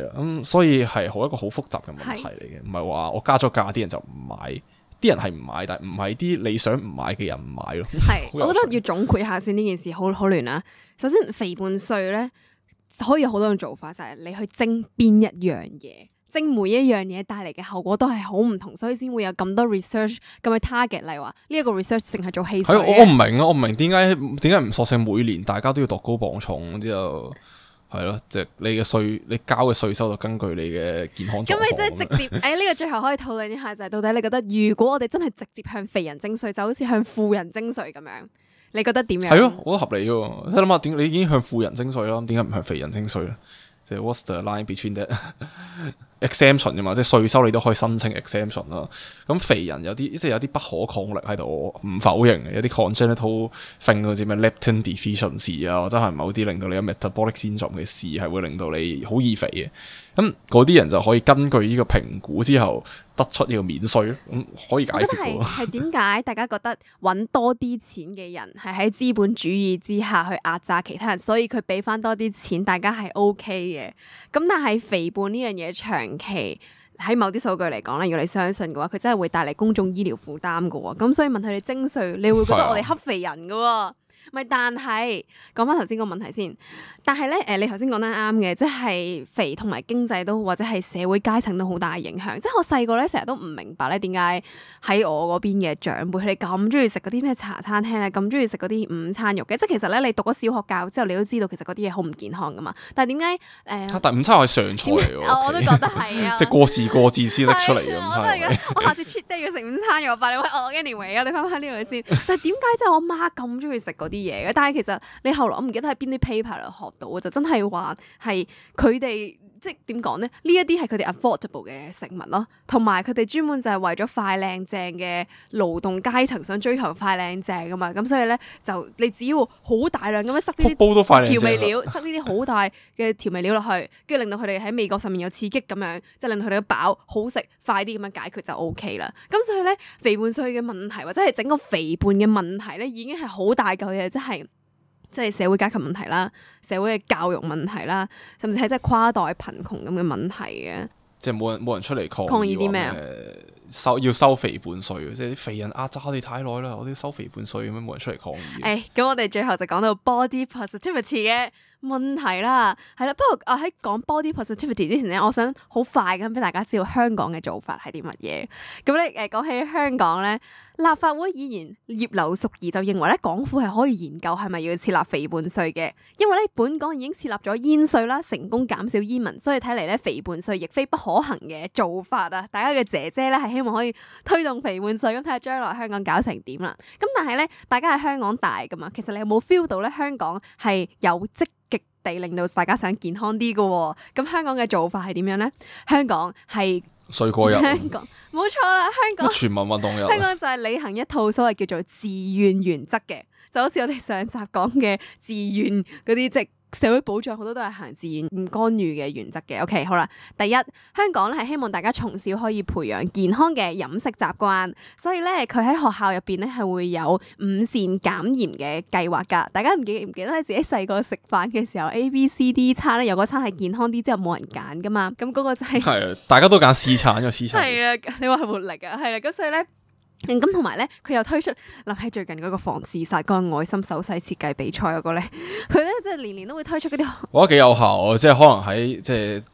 係啊，咁、嗯、所以係好一個好複雜嘅問題嚟嘅，唔係話我加咗價，啲人就唔買。啲人係唔買，但係唔係啲你想唔買嘅人唔買咯。係是， 趣我覺得要總括一下先呢件事，好好亂啦。首先，肥胖稅咧可以有好多種做法，就係、是、你去徵邊一樣嘢，徵每一樣嘢帶嚟嘅後果都係好唔同，所以先會有咁多 research 咁嘅 target。例如話呢一個 research 淨係做氣水，啊，我唔明咯，我唔明點解點解唔索性每年大家都要度高磅重之後。係咯，即係、就是、你嘅稅，你交嘅稅收就根據你嘅健康，咁你即係直接？誒、 哎、呢、這個最後可以討論一下，就係、是、到底你覺得，如果我哋真係直接向肥人徵稅，就好似向富人徵稅咁樣，你覺得點樣？係咯，我覺合理喎。你諗下點？你已經向富人徵稅啦，點解唔向肥人徵稅咧？即係 What's the line between exemption 㗎嘛，即係稅收你都可以申請 exemption 啦。咁、嗯、肥人有啲即係有啲不可抗力喺度，唔否認有啲 congenital thing，嗰啲咩 leptin deficiency 啊，即係某啲令到你有 metabolic syndrome 嘅事，係會令到你好易肥嘅。咁嗰啲人就可以根據呢個評估之後得出呢個免稅，咁、嗯、可以解決。我覺得係，係點解大家覺得揾多啲錢嘅人係喺資本主義之下去壓榨其他人，所以佢俾翻多啲錢，大家係 OK 嘅。咁但係肥胖呢樣嘢長期喺某啲數據嚟講咧，如果你相信嘅話，佢真係會帶嚟公眾醫療負擔嘅喎。咁所以問佢哋徵稅，你會覺得我哋黑肥人嘅喎。咪但係講翻頭先個問題先，但係咧誒，你頭先講得啱嘅，即係肥同埋經濟都或者係社會階層都好大影響。即係我細個咧成日都唔明白咧，點解喺我嗰邊嘅長輩佢哋咁中意食嗰啲咩茶餐廳咧，咁中意食嗰啲午餐肉嘅？即係其實咧，你讀咗小學教育之後，你都知道其實嗰啲嘢好唔健康噶嘛。但係點解誒？午餐肉係常菜喎。我都覺得係啊，即係過時過節先拎出嚟咁樣。我都係我下次 cheat day 要食午餐肉，我發你餓 anyway 啊！你翻返呢度先。就係點解即係我媽咁中意食嗰啲？嘢嘅，但係其實你後來我唔記得喺邊啲 paper 嚟學到嘅，就真係話係佢哋。即係點講咧？呢一啲係佢哋 affordable 嘅食物咯，同埋佢哋專門就係為咗快靚正嘅勞動階層想追求快靚正噶嘛，咁所以咧就你只要好大量咁樣塞啲調味料， 塞呢啲好大嘅調味料落去，跟住令到佢哋喺味覺上面有刺激咁樣，即、就係、令到佢哋飽、好食、快啲咁樣解決就 OK 啦。咁所以咧，肥胖稅嘅問題或者係整個肥胖嘅問題咧，已經係好大嚿嘢，即係。即係社會階級問題啦，社會嘅教育問題啦，甚至係即係跨代貧窮咁嘅問題嘅。即係冇人冇人出嚟抗抗議啲咩？誒，收要收肥胖稅即係啲肥人壓榨你太耐啦，我都要收肥胖稅咁樣，冇人出嚟抗議。誒、哎，咁我哋最後就講到 body positivity 嘅問題啦，係啦。不過我喺講 body positivity 之前咧，我想好快咁俾大家知道香港嘅做法係啲乜嘢。咁咧誒，講起香港咧。立法會議員葉劉淑儀就認為咧，港府係可以研究係咪要設立肥胖稅嘅，因為咧本港已經設立咗煙稅啦，成功減少煙民，所以睇嚟咧肥胖稅亦非不可行嘅做法啊！大家嘅姐姐咧係希望可以推動肥胖稅，咁睇下將來香港搞成點啦。咁但係咧，大家喺香港大噶嘛，其實你有冇 feel 到咧？香港係有積極地令到大家想健康啲㗎喎。咁香港嘅做法係點樣咧？香港係。水果人，香港冇錯啦！香港全民運動人，香港就係履行一套所謂叫做自願原則嘅，就好似我哋上集講嘅自願嗰啲即。社會保障好多都係行自然唔干預嘅原則嘅。OK，好啦，第一，香港咧係希望大家從小可以培養健康嘅飲食習慣，所以咧佢喺學校入邊咧係會有五善減鹽嘅計劃噶。大家唔記唔記得咧自己細個食飯嘅時候 A B C D 餐，咧有嗰餐係健康啲，之後冇人揀噶嘛？咁嗰個就係，係啊，大家都揀試餐有試餐。係啊，你話係活力啊，係啊，咁所以咧。咁同埋咧，佢又推出，諗起最近嗰個防自殺嗰個愛心手勢設計比賽嗰個咧，佢咧即係年年都會推出嗰啲。我覺得幾有效喎，即係可能喺即係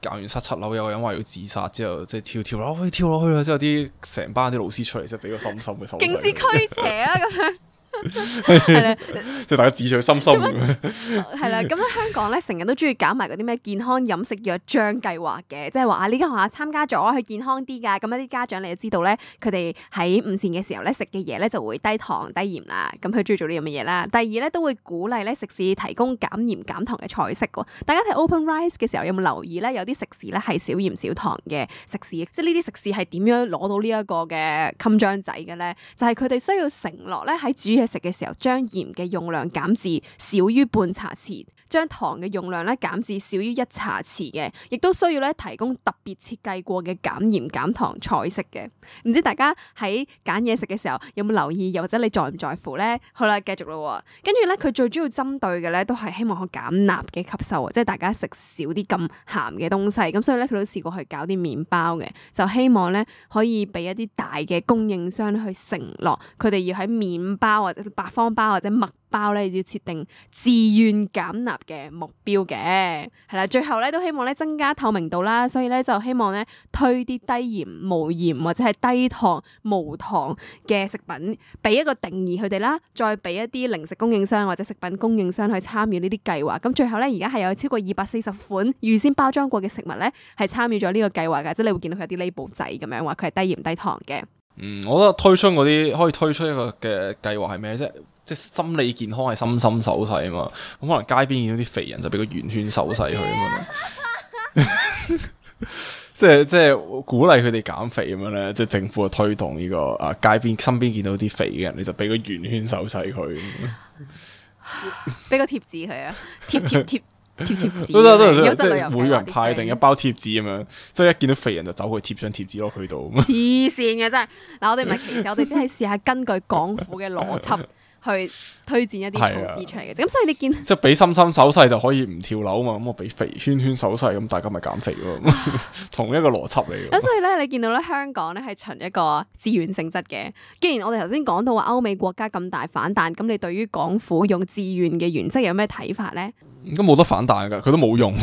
教完室七樓有個人話要自殺之後，即係跳跳落去跳落去啦，之後啲成班啲老師出嚟即係俾個心心嘅手勢。勁似驅邪啦、啊、咁 樣。係啦，即係 大家指出心心係啦，咁咧 香港咧成日都中意搞埋嗰啲咩健康飲食約章計劃嘅，即係話啊呢間學校參加咗，佢健康啲噶。咁一啲家長你就知道咧，佢哋喺午膳嘅時候咧食嘅嘢咧，就會低糖低鹽啦。咁佢中意做啲咁嘅嘢啦。第二咧都會鼓勵咧食肆提供減鹽減糖嘅菜式噶。大家睇 Open Rice 嘅時候有冇留意咧？有啲食肆咧係少鹽少糖嘅食肆，即係呢啲食肆係點樣攞到呢一個嘅襟章仔嘅咧？就係佢哋需要承諾咧喺煮嘢。食嘅時候，將鹽嘅用量減至少於半茶匙。將糖嘅用量咧減至少於一茶匙嘅，亦都需要咧提供特別設計過嘅減鹽減糖菜式嘅。唔知大家喺揀嘢食嘅時候有冇留意，又或者你在唔在乎咧？好啦，繼續啦喎。跟住咧，佢最主要針對嘅咧都係希望可減鈉嘅吸收，即係大家食少啲咁鹹嘅東西。咁所以咧，佢都試過去搞啲麵包嘅，就希望咧可以俾一啲大嘅供應商去承諾，佢哋要喺麵包或者白方包或者麥。包咧要設定自願減鈉嘅目標嘅，係啦，最後咧都希望咧增加透明度啦，所以咧就希望咧推啲低鹽無鹽或者係低糖無糖嘅食品，俾一個定義佢哋啦，再俾一啲零食供應商或者食品供應商去參與呢啲計劃。咁最後咧，而家係有超過二百四十款預先包裝過嘅食物咧，係參與咗呢個計劃嘅，即係你會見到佢有啲 label 仔咁樣話佢係低鹽低糖嘅。嗯，我覺得推出嗰啲可以推出一個嘅計劃係咩啫？即係心理健康係心心手勢啊嘛，咁可能街邊見到啲肥人就俾個圓圈手勢佢啊嘛，即係即係鼓勵佢哋減肥咁樣咧，即係政府就推動呢個啊，街邊身邊見到啲肥嘅人，你就俾個圓圈手勢佢，俾個貼紙佢啊，貼貼貼貼貼紙，每人派定一包貼紙咁樣，即係一見到肥人就走去貼張貼紙落去度，黐線嘅真係，嗱我哋咪其實我哋真係試下根據港府嘅邏輯。去推薦一啲措施出嚟嘅，咁的所以你見即係俾心心手勢就可以唔跳樓啊嘛，咁我俾肥圈圈手勢，咁大家咪減肥咯， 同一個邏輯嚟嘅。咁所以咧，你見到咧，香港咧係循一個自願性質嘅。既然我哋頭先講到話歐美國家咁大反彈，咁你對於港府用自願嘅原則有咩睇法咧？都冇得反彈㗎，佢都冇用，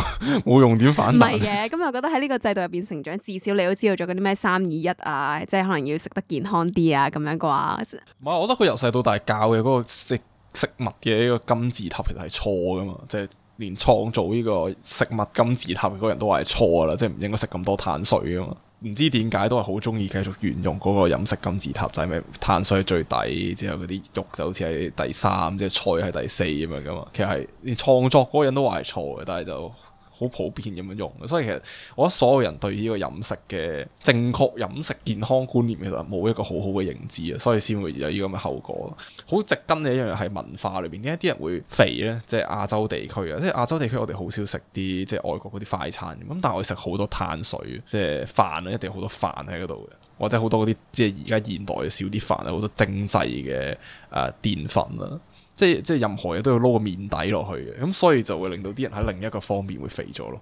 冇用點反彈？唔係嘅，咁又覺得喺呢個制度入邊成長，至少你都知道咗嗰啲咩三二一啊，即係可能要食得健康啲啊咁樣啩。唔係，我覺得佢由細到大教嘅嗰個食食物嘅呢個金字塔其實係錯噶嘛，即係連創造呢個食物金字塔嗰個人都話係錯㗎啦，即係唔應該食咁多碳水啊嘛。唔知點解都係好中意繼續沿用嗰個飲食金字塔，就係咩碳水最底，之後嗰啲肉就好似係第三，即係菜係第四咁樣噶嘛。其實係，連創作嗰個人都話係錯嘅，但係就～好普遍咁樣用，所以其實我覺得所有人對呢個飲食嘅正確飲食健康觀念其實冇一個好好嘅認知啊，所以先會有呢咁嘅後果。好植根嘅一樣嘢係文化裏邊，點解啲人會肥呢？即係亞洲地區啊，即係亞洲地區我哋好少食啲即係外國嗰啲快餐咁，但係我哋食好多碳水，即係飯啊，一定好多飯喺嗰度嘅，或者好多嗰啲即係而家現代少啲飯啊，好多精製嘅啊澱粉啊。即係即係任何嘢都要撈個麵底落去嘅，咁所以就會令到啲人喺另一個方面會肥咗咯。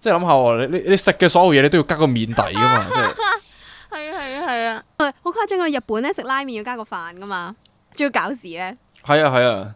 即係諗下，你你食嘅所有嘢你都要加個麵底噶嘛， 即係係啊係啊係啊，喂，好誇張啊！日本咧食拉麵要加個飯噶嘛，仲要搞事咧。係啊係啊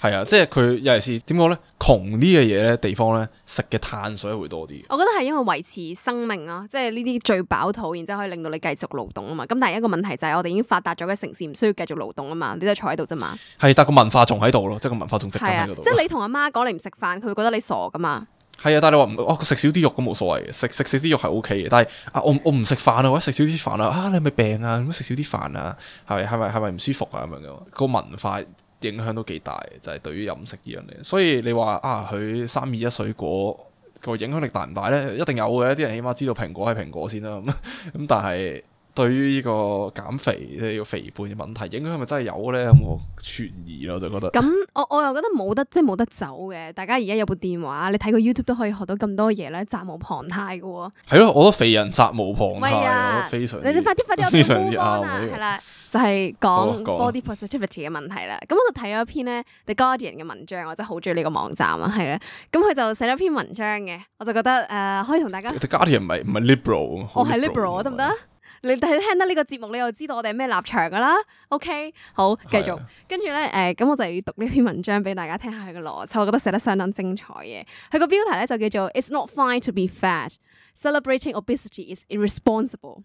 係啊，即係佢尤其是點講咧，窮啲嘅嘢咧地方咧食嘅碳水會多啲。我覺得係因為維持生命咯、啊，即係呢啲最飽肚，然之後可以令到你繼續勞動啊嘛。咁但係一個問題就係我哋已經發達咗嘅城市唔需要繼續勞動啊嘛，你都係坐喺度啫嘛。係、啊，但個文化仲喺度咯，即係個文化仲紮根喺嗰度。即係你同阿媽講你唔食飯，佢會覺得你傻噶嘛。係啊，但係你話唔食少啲肉咁冇所謂，食食少啲肉係 OK 嘅。但係啊我我唔食飯啊，或者食少啲飯啊，啊你係咪病啊？咁食少啲飯啊，係咪係咪係咪唔舒服啊？咁樣嘅個文化。影響都幾大，就係、是、對於飲食依樣嘢。所以你話啊，佢三二一水果個影響力大唔大呢？一定有嘅，啲人起碼知道蘋果係蘋果先啦。咁、 嗯、但係。對於呢個減肥即係、就是、個肥胖嘅問題影響，係咪真係有咧？我有有存疑咯，就覺得。咁我我又覺得冇得，即係冇得走嘅。大家而家有部電話，你睇個 YouTube 都可以學到咁多嘢咧，責無旁貸嘅。係咯，我覺得肥人責無旁貸啊，非常。你哋快啲快啲，我哋好忙啊。係啦 就係講 body positivity 嘅問題啦。咁我就睇咗一篇咧 The Guardian 嘅文章，我真係好中意呢個網站啊，係咧。咁佢就寫咗篇文章嘅，我就覺得誒、呃，可以同大家。The Guardian 唔係唔係 liberal，我係 liberal 得唔得？right? 你睇聽得呢個節目，你又知道我哋咩立場噶啦？OK，好，繼續，的跟住咧，誒、呃、咁我就要讀呢篇文章俾大家聽下佢嘅邏輯，我覺得寫得相當精彩嘅。佢個標題咧就叫做《It's not fine to be fat》，celebrating obesity is irresponsible。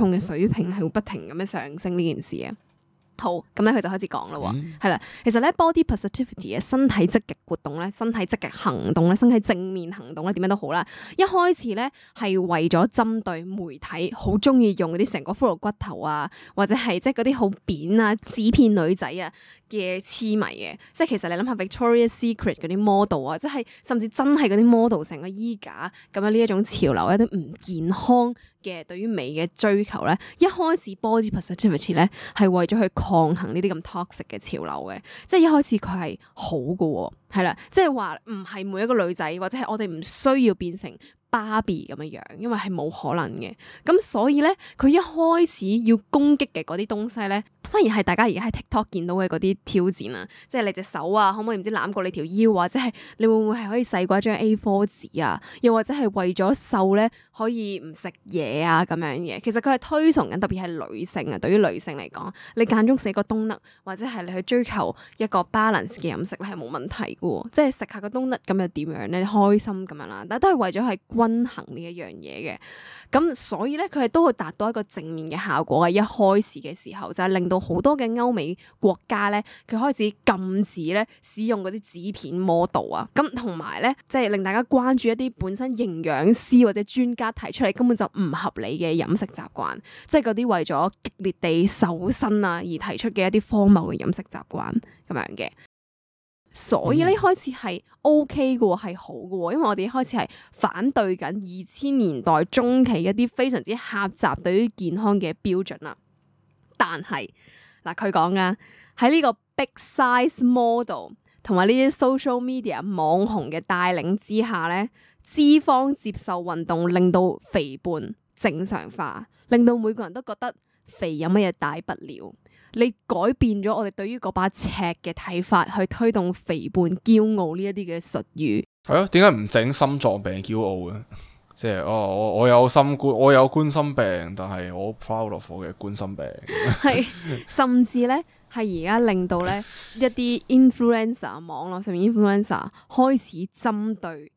嘅水平係會不停咁樣上升呢件事嘅，好，咁咧佢就開始講啦，係啦、嗯，其實咧 body positivity 嘅身體積極活動咧，身體積極行動咧，身體正面行動咧，點樣都好啦。一開始咧係為咗針對媒體好中意用嗰啲成個骷髏骨頭啊，或者係即係嗰啲好扁啊、紙片女仔啊嘅癡迷嘅，即係其實你諗下 Victoria Secret 嗰啲 model 啊，即係甚至真係嗰啲 model 成個衣架咁樣呢一種潮流，有啲唔健康。嘅對於美嘅追求咧，一開始 body positivity 咧係為咗去抗衡呢啲咁 toxic 嘅潮流嘅，即係一開始佢係好嘅、哦，係啦，即係話唔係每一個女仔或者係我哋唔需要變成芭比咁嘅樣，因為係冇可能嘅。咁所以咧，佢一開始要攻擊嘅嗰啲東西咧。反而係大家而家喺 TikTok 見到嘅嗰啲挑戰啊，即係你隻手啊，可唔可以唔知攬過你條腰或者係你會唔會係可以細過一張 A4 紙啊？又或者係為咗瘦咧，可以唔食嘢啊咁樣嘅？其實佢係推崇緊，特別係女性啊。對於女性嚟講，你間中食個冬甩，或者係你去追求一個 balance 嘅飲食咧，係冇問題㗎喎。即係食下個冬甩咁又點樣咧？開心咁樣啦，但都係為咗係均衡呢一樣嘢嘅。咁所以咧，佢係都會達到一個正面嘅效果啊。一開始嘅時候就係、是、令到好多嘅歐美國家咧，佢開始禁止咧使用嗰啲紙片 model 啊，咁同埋咧，即係令大家關注一啲本身營養師或者專家提出嚟根本就唔合理嘅飲食習慣，即係嗰啲為咗激烈地瘦身啊而提出嘅一啲荒謬嘅飲食習慣咁樣嘅。所以咧，開始係 OK 嘅，係好嘅，因為我哋一開始係反對緊二千年代中期一啲非常之狹窄對於健康嘅標準啦。但係嗱，佢講噶喺呢個 big size model 同埋，呢啲 social media 網紅嘅帶領之下，呢脂肪接受運動令到肥胖正常化，令到每個人都覺得肥有乜嘢大不了。你改變咗我哋對於嗰把尺嘅睇法，去推動肥胖驕傲呢一啲嘅術語。係啊、哎，點解唔整心臟病驕傲啊？即係，我我我有心官，我有冠心病，但係我好 proud of 我嘅冠心病。係， 甚至咧，係而家令到咧一啲 influencer 網絡上面 influencer 開始針對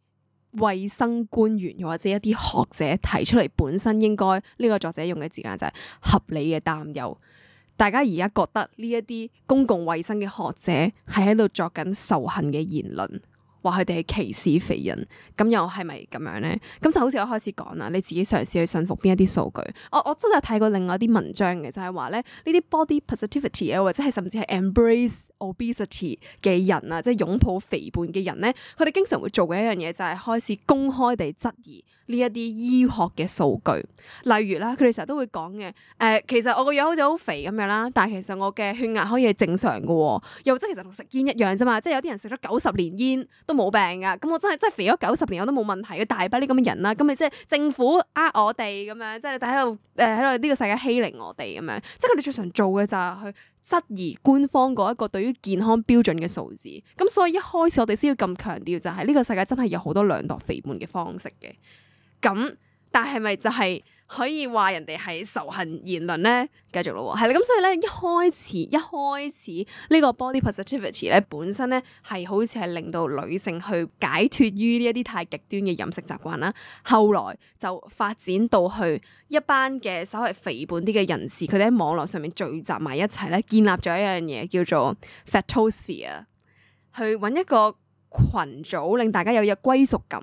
衛生官員，又或者一啲學者提出嚟，本身應該呢個作者用嘅字眼就係合理嘅擔憂。大家而家覺得呢一啲公共衛生嘅學者係喺度作緊仇恨嘅言論。話佢哋係歧視肥人，咁又係咪咁樣咧？咁就好似我開始講啦，你自己嘗試去信服邊一啲數據。我我真係睇過另外一啲文章嘅，就係話咧呢啲 body positivity 啊，或者係甚至係 embrace obesity 嘅人啊，即係擁抱肥胖嘅人咧，佢哋經常會做嘅一樣嘢就係開始公開地質疑。呢一啲醫學嘅數據，例如啦，佢哋成日都會講嘅，誒、呃，其實我個樣好似好肥咁樣啦，但係其實我嘅血壓可以係正常㗎喎，又即係其實同食煙一樣啫嘛，即係有啲人食咗九十年煙都冇病噶，咁我真係真係肥咗九十年我都冇問題嘅，大把呢咁嘅人啦，咁咪即係政府呃我哋咁樣，即係喺度誒喺度呢個世界欺凌我哋咁樣，即係佢哋最常做嘅就係去質疑官方嗰一個對於健康標準嘅數字，咁所以一開始我哋先要咁強調就係呢個世界真係有好多量度肥胖嘅方式嘅。咁，但係咪就係可以話人哋係仇恨言論咧？繼續咯，係啦，咁所以咧，一開始一開始呢個 body positivity 咧，本身咧係好似係令到女性去解脱於呢一啲太極端嘅飲食習慣啦，後來就發展到去一班嘅稍微肥胖啲嘅人士，佢哋喺網絡上面聚集埋一齊咧，建立咗一樣嘢叫做 fatosphere 去揾一個群組，令大家有嘢歸屬感。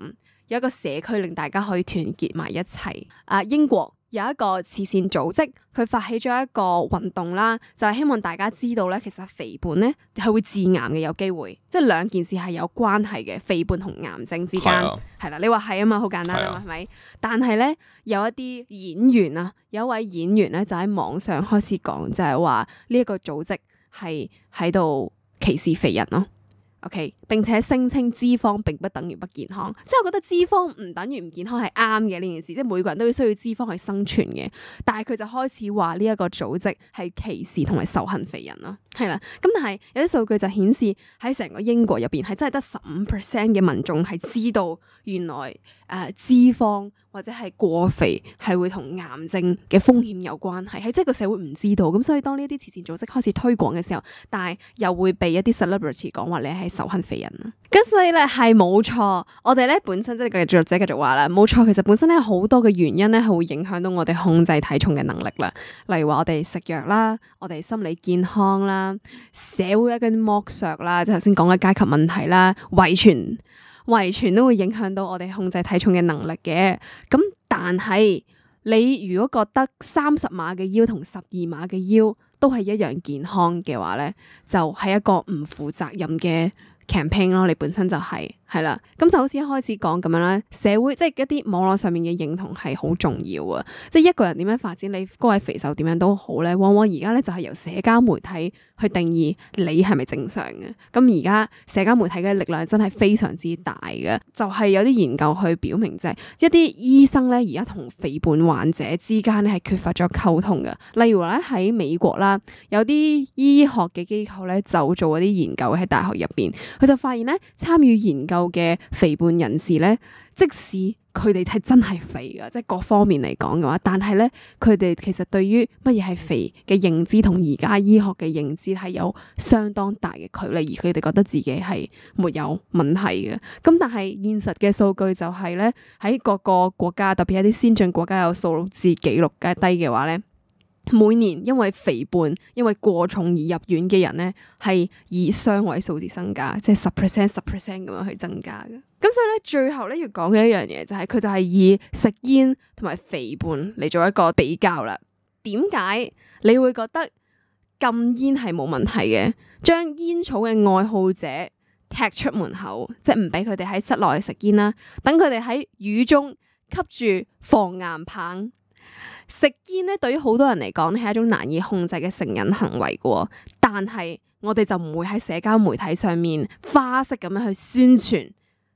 有一個社區令大家可以團結埋一齊。啊，英國有一個慈善組織，佢發起咗一個運動啦，就係、是、希望大家知道咧，其實肥胖咧係會致癌嘅，有機會，即係兩件事係有關係嘅，肥胖同癌症之間係是、啊、啦。你話係啊嘛，好簡單嘛是啊，係咪？但係咧，有一啲演員啊，有一位演員咧就喺網上開始講，就係話呢一個組織係喺度歧視肥人咯。OK，並且聲稱脂肪並不等於不健康，即係我覺得脂肪唔等於唔健康係啱嘅呢件事，即係每個人都需要脂肪去生存嘅。但係佢就開始話呢一個組織係歧視同埋仇恨肥人囉，係啦。咁但係有啲數據就顯示喺成個英國入邊係真係得十五 percent 嘅民眾係知道原來誒、呃、脂肪。或者係過肥係會同癌症嘅風險有關係，係即係個社會唔知道，咁所以當呢啲慈善組織開始推廣嘅時候，但係又會被一啲 celebrity 講話你係仇恨肥人啊，咁所以咧係冇錯，我哋咧本身即係繼續者繼續話啦，冇錯，其實本身咧好多嘅原因咧係會影響到我哋控制體重嘅能力啦，例如話我哋食藥啦，我哋心理健康啦，社會一啲剝削啦，頭先講嘅階級問題啦，遺傳。遺傳都會影響到我哋控制體重嘅能力嘅，咁但係你如果覺得三十碼嘅腰同十二碼嘅腰都係一樣健康嘅話咧，就係一個唔負責任嘅 campaign 咯，你本身就係係啦，咁就好似一開始講咁樣啦，社會即係一啲網絡上面嘅認同係好重要啊，即係一個人點樣發展你，你嗰位肥瘦點樣都好咧，往往而家咧就係由社交媒體去定義你係咪正常嘅。咁而家社交媒體嘅力量真係非常之大嘅，就係有啲研究去表明，即係一啲醫生咧而家同肥胖患者之間咧係缺乏咗溝通嘅。例如話咧喺美國啦，有啲醫學嘅機構咧就做一啲研究喺大學入邊。佢就發現咧，參與研究嘅肥胖人士咧，即使佢哋係真係肥㗎，即係各方面嚟講嘅話，但係咧，佢哋其實對於乜嘢係肥嘅認知同而家醫學嘅認知係有相當大嘅距離，而佢哋覺得自己係沒有問題嘅。咁但係現實嘅數據就係咧，喺各個國家，特別係啲先進國家有數字記錄嘅低嘅話咧。每年因為肥胖因為過重而入院嘅人咧，係以雙位數字增加，即係十 percent 十 percent 咁樣去增加嘅。咁所以咧，最後咧要講嘅一樣嘢就係、是、佢就係以食煙同埋肥胖嚟做一個比較啦。點解你會覺得禁煙係冇問題嘅？將煙草嘅愛好者踢出門口，即係唔俾佢哋喺室內食煙啦，等佢哋喺雨中吸住防癌棒。食煙咧，對於好多人嚟講咧係一種難以控制嘅成癮行為嘅。但係我哋就唔會喺社交媒體上面花式咁樣去宣傳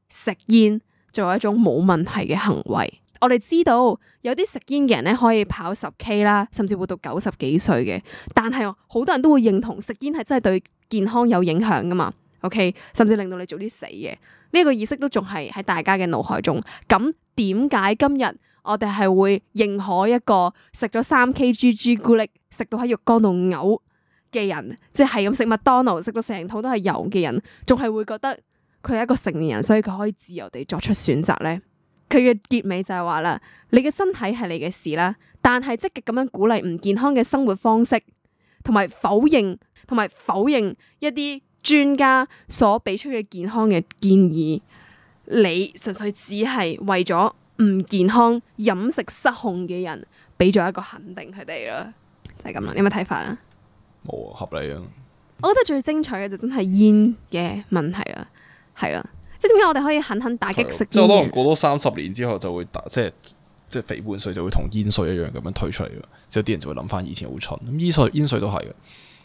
食煙做一種冇問題嘅行為。我哋知道有啲食煙嘅人咧可以跑十 K 啦，甚至活到九十幾歲嘅。但係好多人都會認同食煙係真係對健康有影響㗎嘛。OK，甚至令到你早啲死嘅呢個意識都仲係喺大家嘅腦海中。咁點解今日？我哋係會認可一個食咗三 KG 朱古力，食到喺浴缸度嘔嘅人，即係咁食麥當勞食到成肚都係油嘅人，仲係會覺得佢係一個成年人，所以佢可以自由地作出選擇咧。佢嘅結尾就係話啦，你嘅身體係你嘅事啦，但係積極咁樣鼓勵唔健康嘅生活方式，同埋否認同埋否認一啲專家所俾出嘅健康嘅建議，你純粹只係為咗。唔健康飲食失控嘅人，俾咗一個肯定佢哋啦，就係咁啦。有咩睇法咧？冇啊，合理啊。我覺得最精彩嘅就真係煙嘅問題啦，係啦。即係點解我哋可以狠狠打擊食煙？即係可能過多三十年之後就會打，即係即係肥胖稅就會同煙稅一樣咁樣推出嚟嘅。之後啲人就會諗翻以前好蠢。咁煙稅煙稅都係嘅，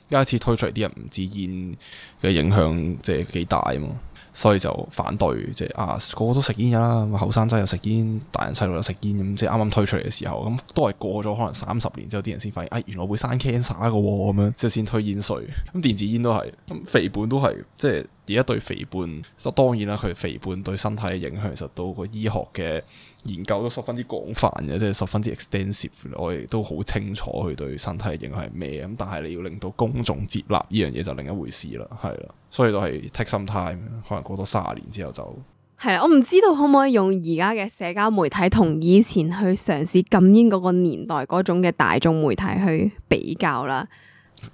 而家一次推出嚟，啲人唔知煙嘅影響即係幾大啊嘛。所以就反對，即、就、係、是、啊個個都食煙嘅啦，後生仔又食煙，大人細路又食煙，咁、嗯、即係啱啱推出嚟嘅時候，咁、嗯、都係過咗可能三十年之後，啲人先發現，哎原來會生 cancer 嘅喎，咁、嗯、樣即係先推煙稅，咁、嗯、電子煙都係，咁、嗯、肥胖都係，即係。而家對肥胖，當然啦，佢肥胖對身體嘅影響，其實到個醫學嘅研究都十分之廣泛嘅，即係十分之 extensive。我哋都好清楚佢對身體嘅影響係咩咁，但係你要令到公眾接納呢樣嘢就另一回事啦，係啦，所以都係 take some time，可能過多三十年之後就係啦。我唔知道可唔可以用而家嘅社交媒體同以前去嘗試禁煙嗰個年代嗰種嘅大眾媒體去比較啦。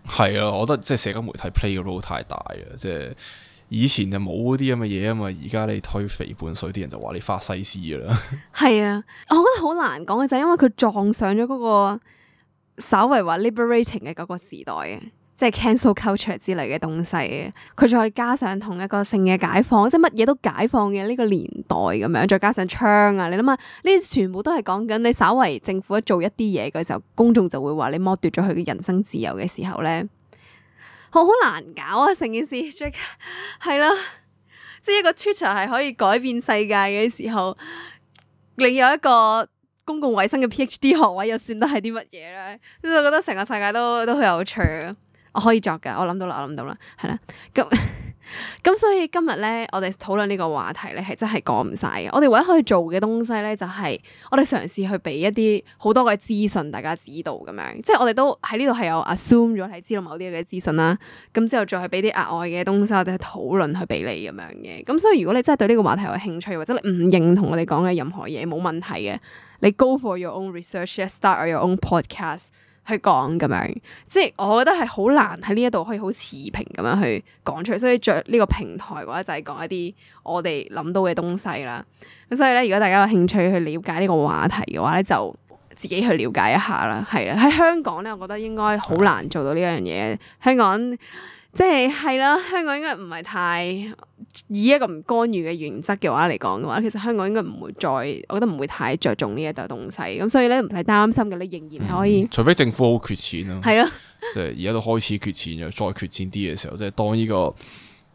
係啊，我覺得即係社交媒體 play 嘅 role 太大啦，即係。以前就冇嗰啲咁嘅嘢啊嘛，而家你推肥胖稅，啲人就話你法西斯㗎啦。係啊，我覺得好難講嘅就係因為佢撞上咗嗰個稍為話 liberating 嘅嗰個時代嘅，即係 cancel culture 之類嘅東西，佢再加上同一個性嘅解放，即係乜嘢都解放嘅呢個年代咁樣，再加上槍啊，你諗下呢啲全部都係講緊你稍為政府一做一啲嘢嘅時候，公眾就會話你剝奪咗佢嘅人生自由嘅時候咧。我好、哦、難搞啊！成件事最係啦，即係一個 Twitter 係可以改變世界嘅時候，另有一個公共衛生嘅 PhD 學位又算得係啲乜嘢咧？即係我覺得成個世界都都好有趣啊！我可以作噶，我諗到,我諗到,我諗到啦，我諗到啦，係啦咁。咁所以今日咧，我哋討論呢個話題咧，係真係講唔晒嘅。我哋唯一可以做嘅東西咧，就係我哋嘗試去俾一啲好多嘅資訊，大家知道咁樣。即係我哋都喺呢度係有 assume 咗你知道某啲嘅資訊啦。咁之後再去俾啲額外嘅東西，我哋去討論去俾你咁樣嘅。咁所以如果你真係對呢個話題有興趣，或者你唔認同我哋講嘅任何嘢，冇問題嘅。你 go for your own research，start your own podcast。去講咁樣，即係我覺得係好難喺呢一度可以好持平咁樣去講出嚟，所以着呢個平台嘅話就係講一啲我哋諗到嘅東西啦。咁所以咧，如果大家有興趣去了解呢個話題嘅話咧，就自己去了解一下啦。係啦，喺香港咧，我覺得應該好難做到呢一樣嘢。嗯、香港。即係係啦，香港應該唔係太以一個唔干預嘅原則嘅話嚟講嘅話，其實香港應該唔會再，我覺得唔會太着重呢一度東西。咁所以咧，唔使擔心嘅咧，仍然可以。嗯、除非政府好缺錢咯，啊。係咯，即係而家都開始缺錢咗， 再缺錢啲嘅時候，即係當呢、這個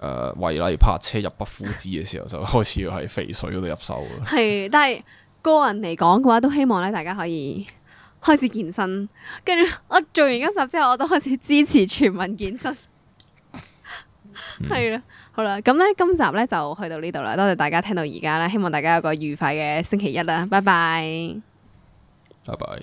誒為例泊車入不敷支嘅時候， 就開始要喺肥水嗰度入手啦。係，但係個人嚟講嘅話，都希望咧大家可以開始健身。跟住我做完一集之後，我都開始支持全民健身。 係啦，好啦，咁呢今集呢就去到呢度啦，多謝大家聽到而家啦，希望大家有個愉快嘅星期一啦，拜拜，拜拜。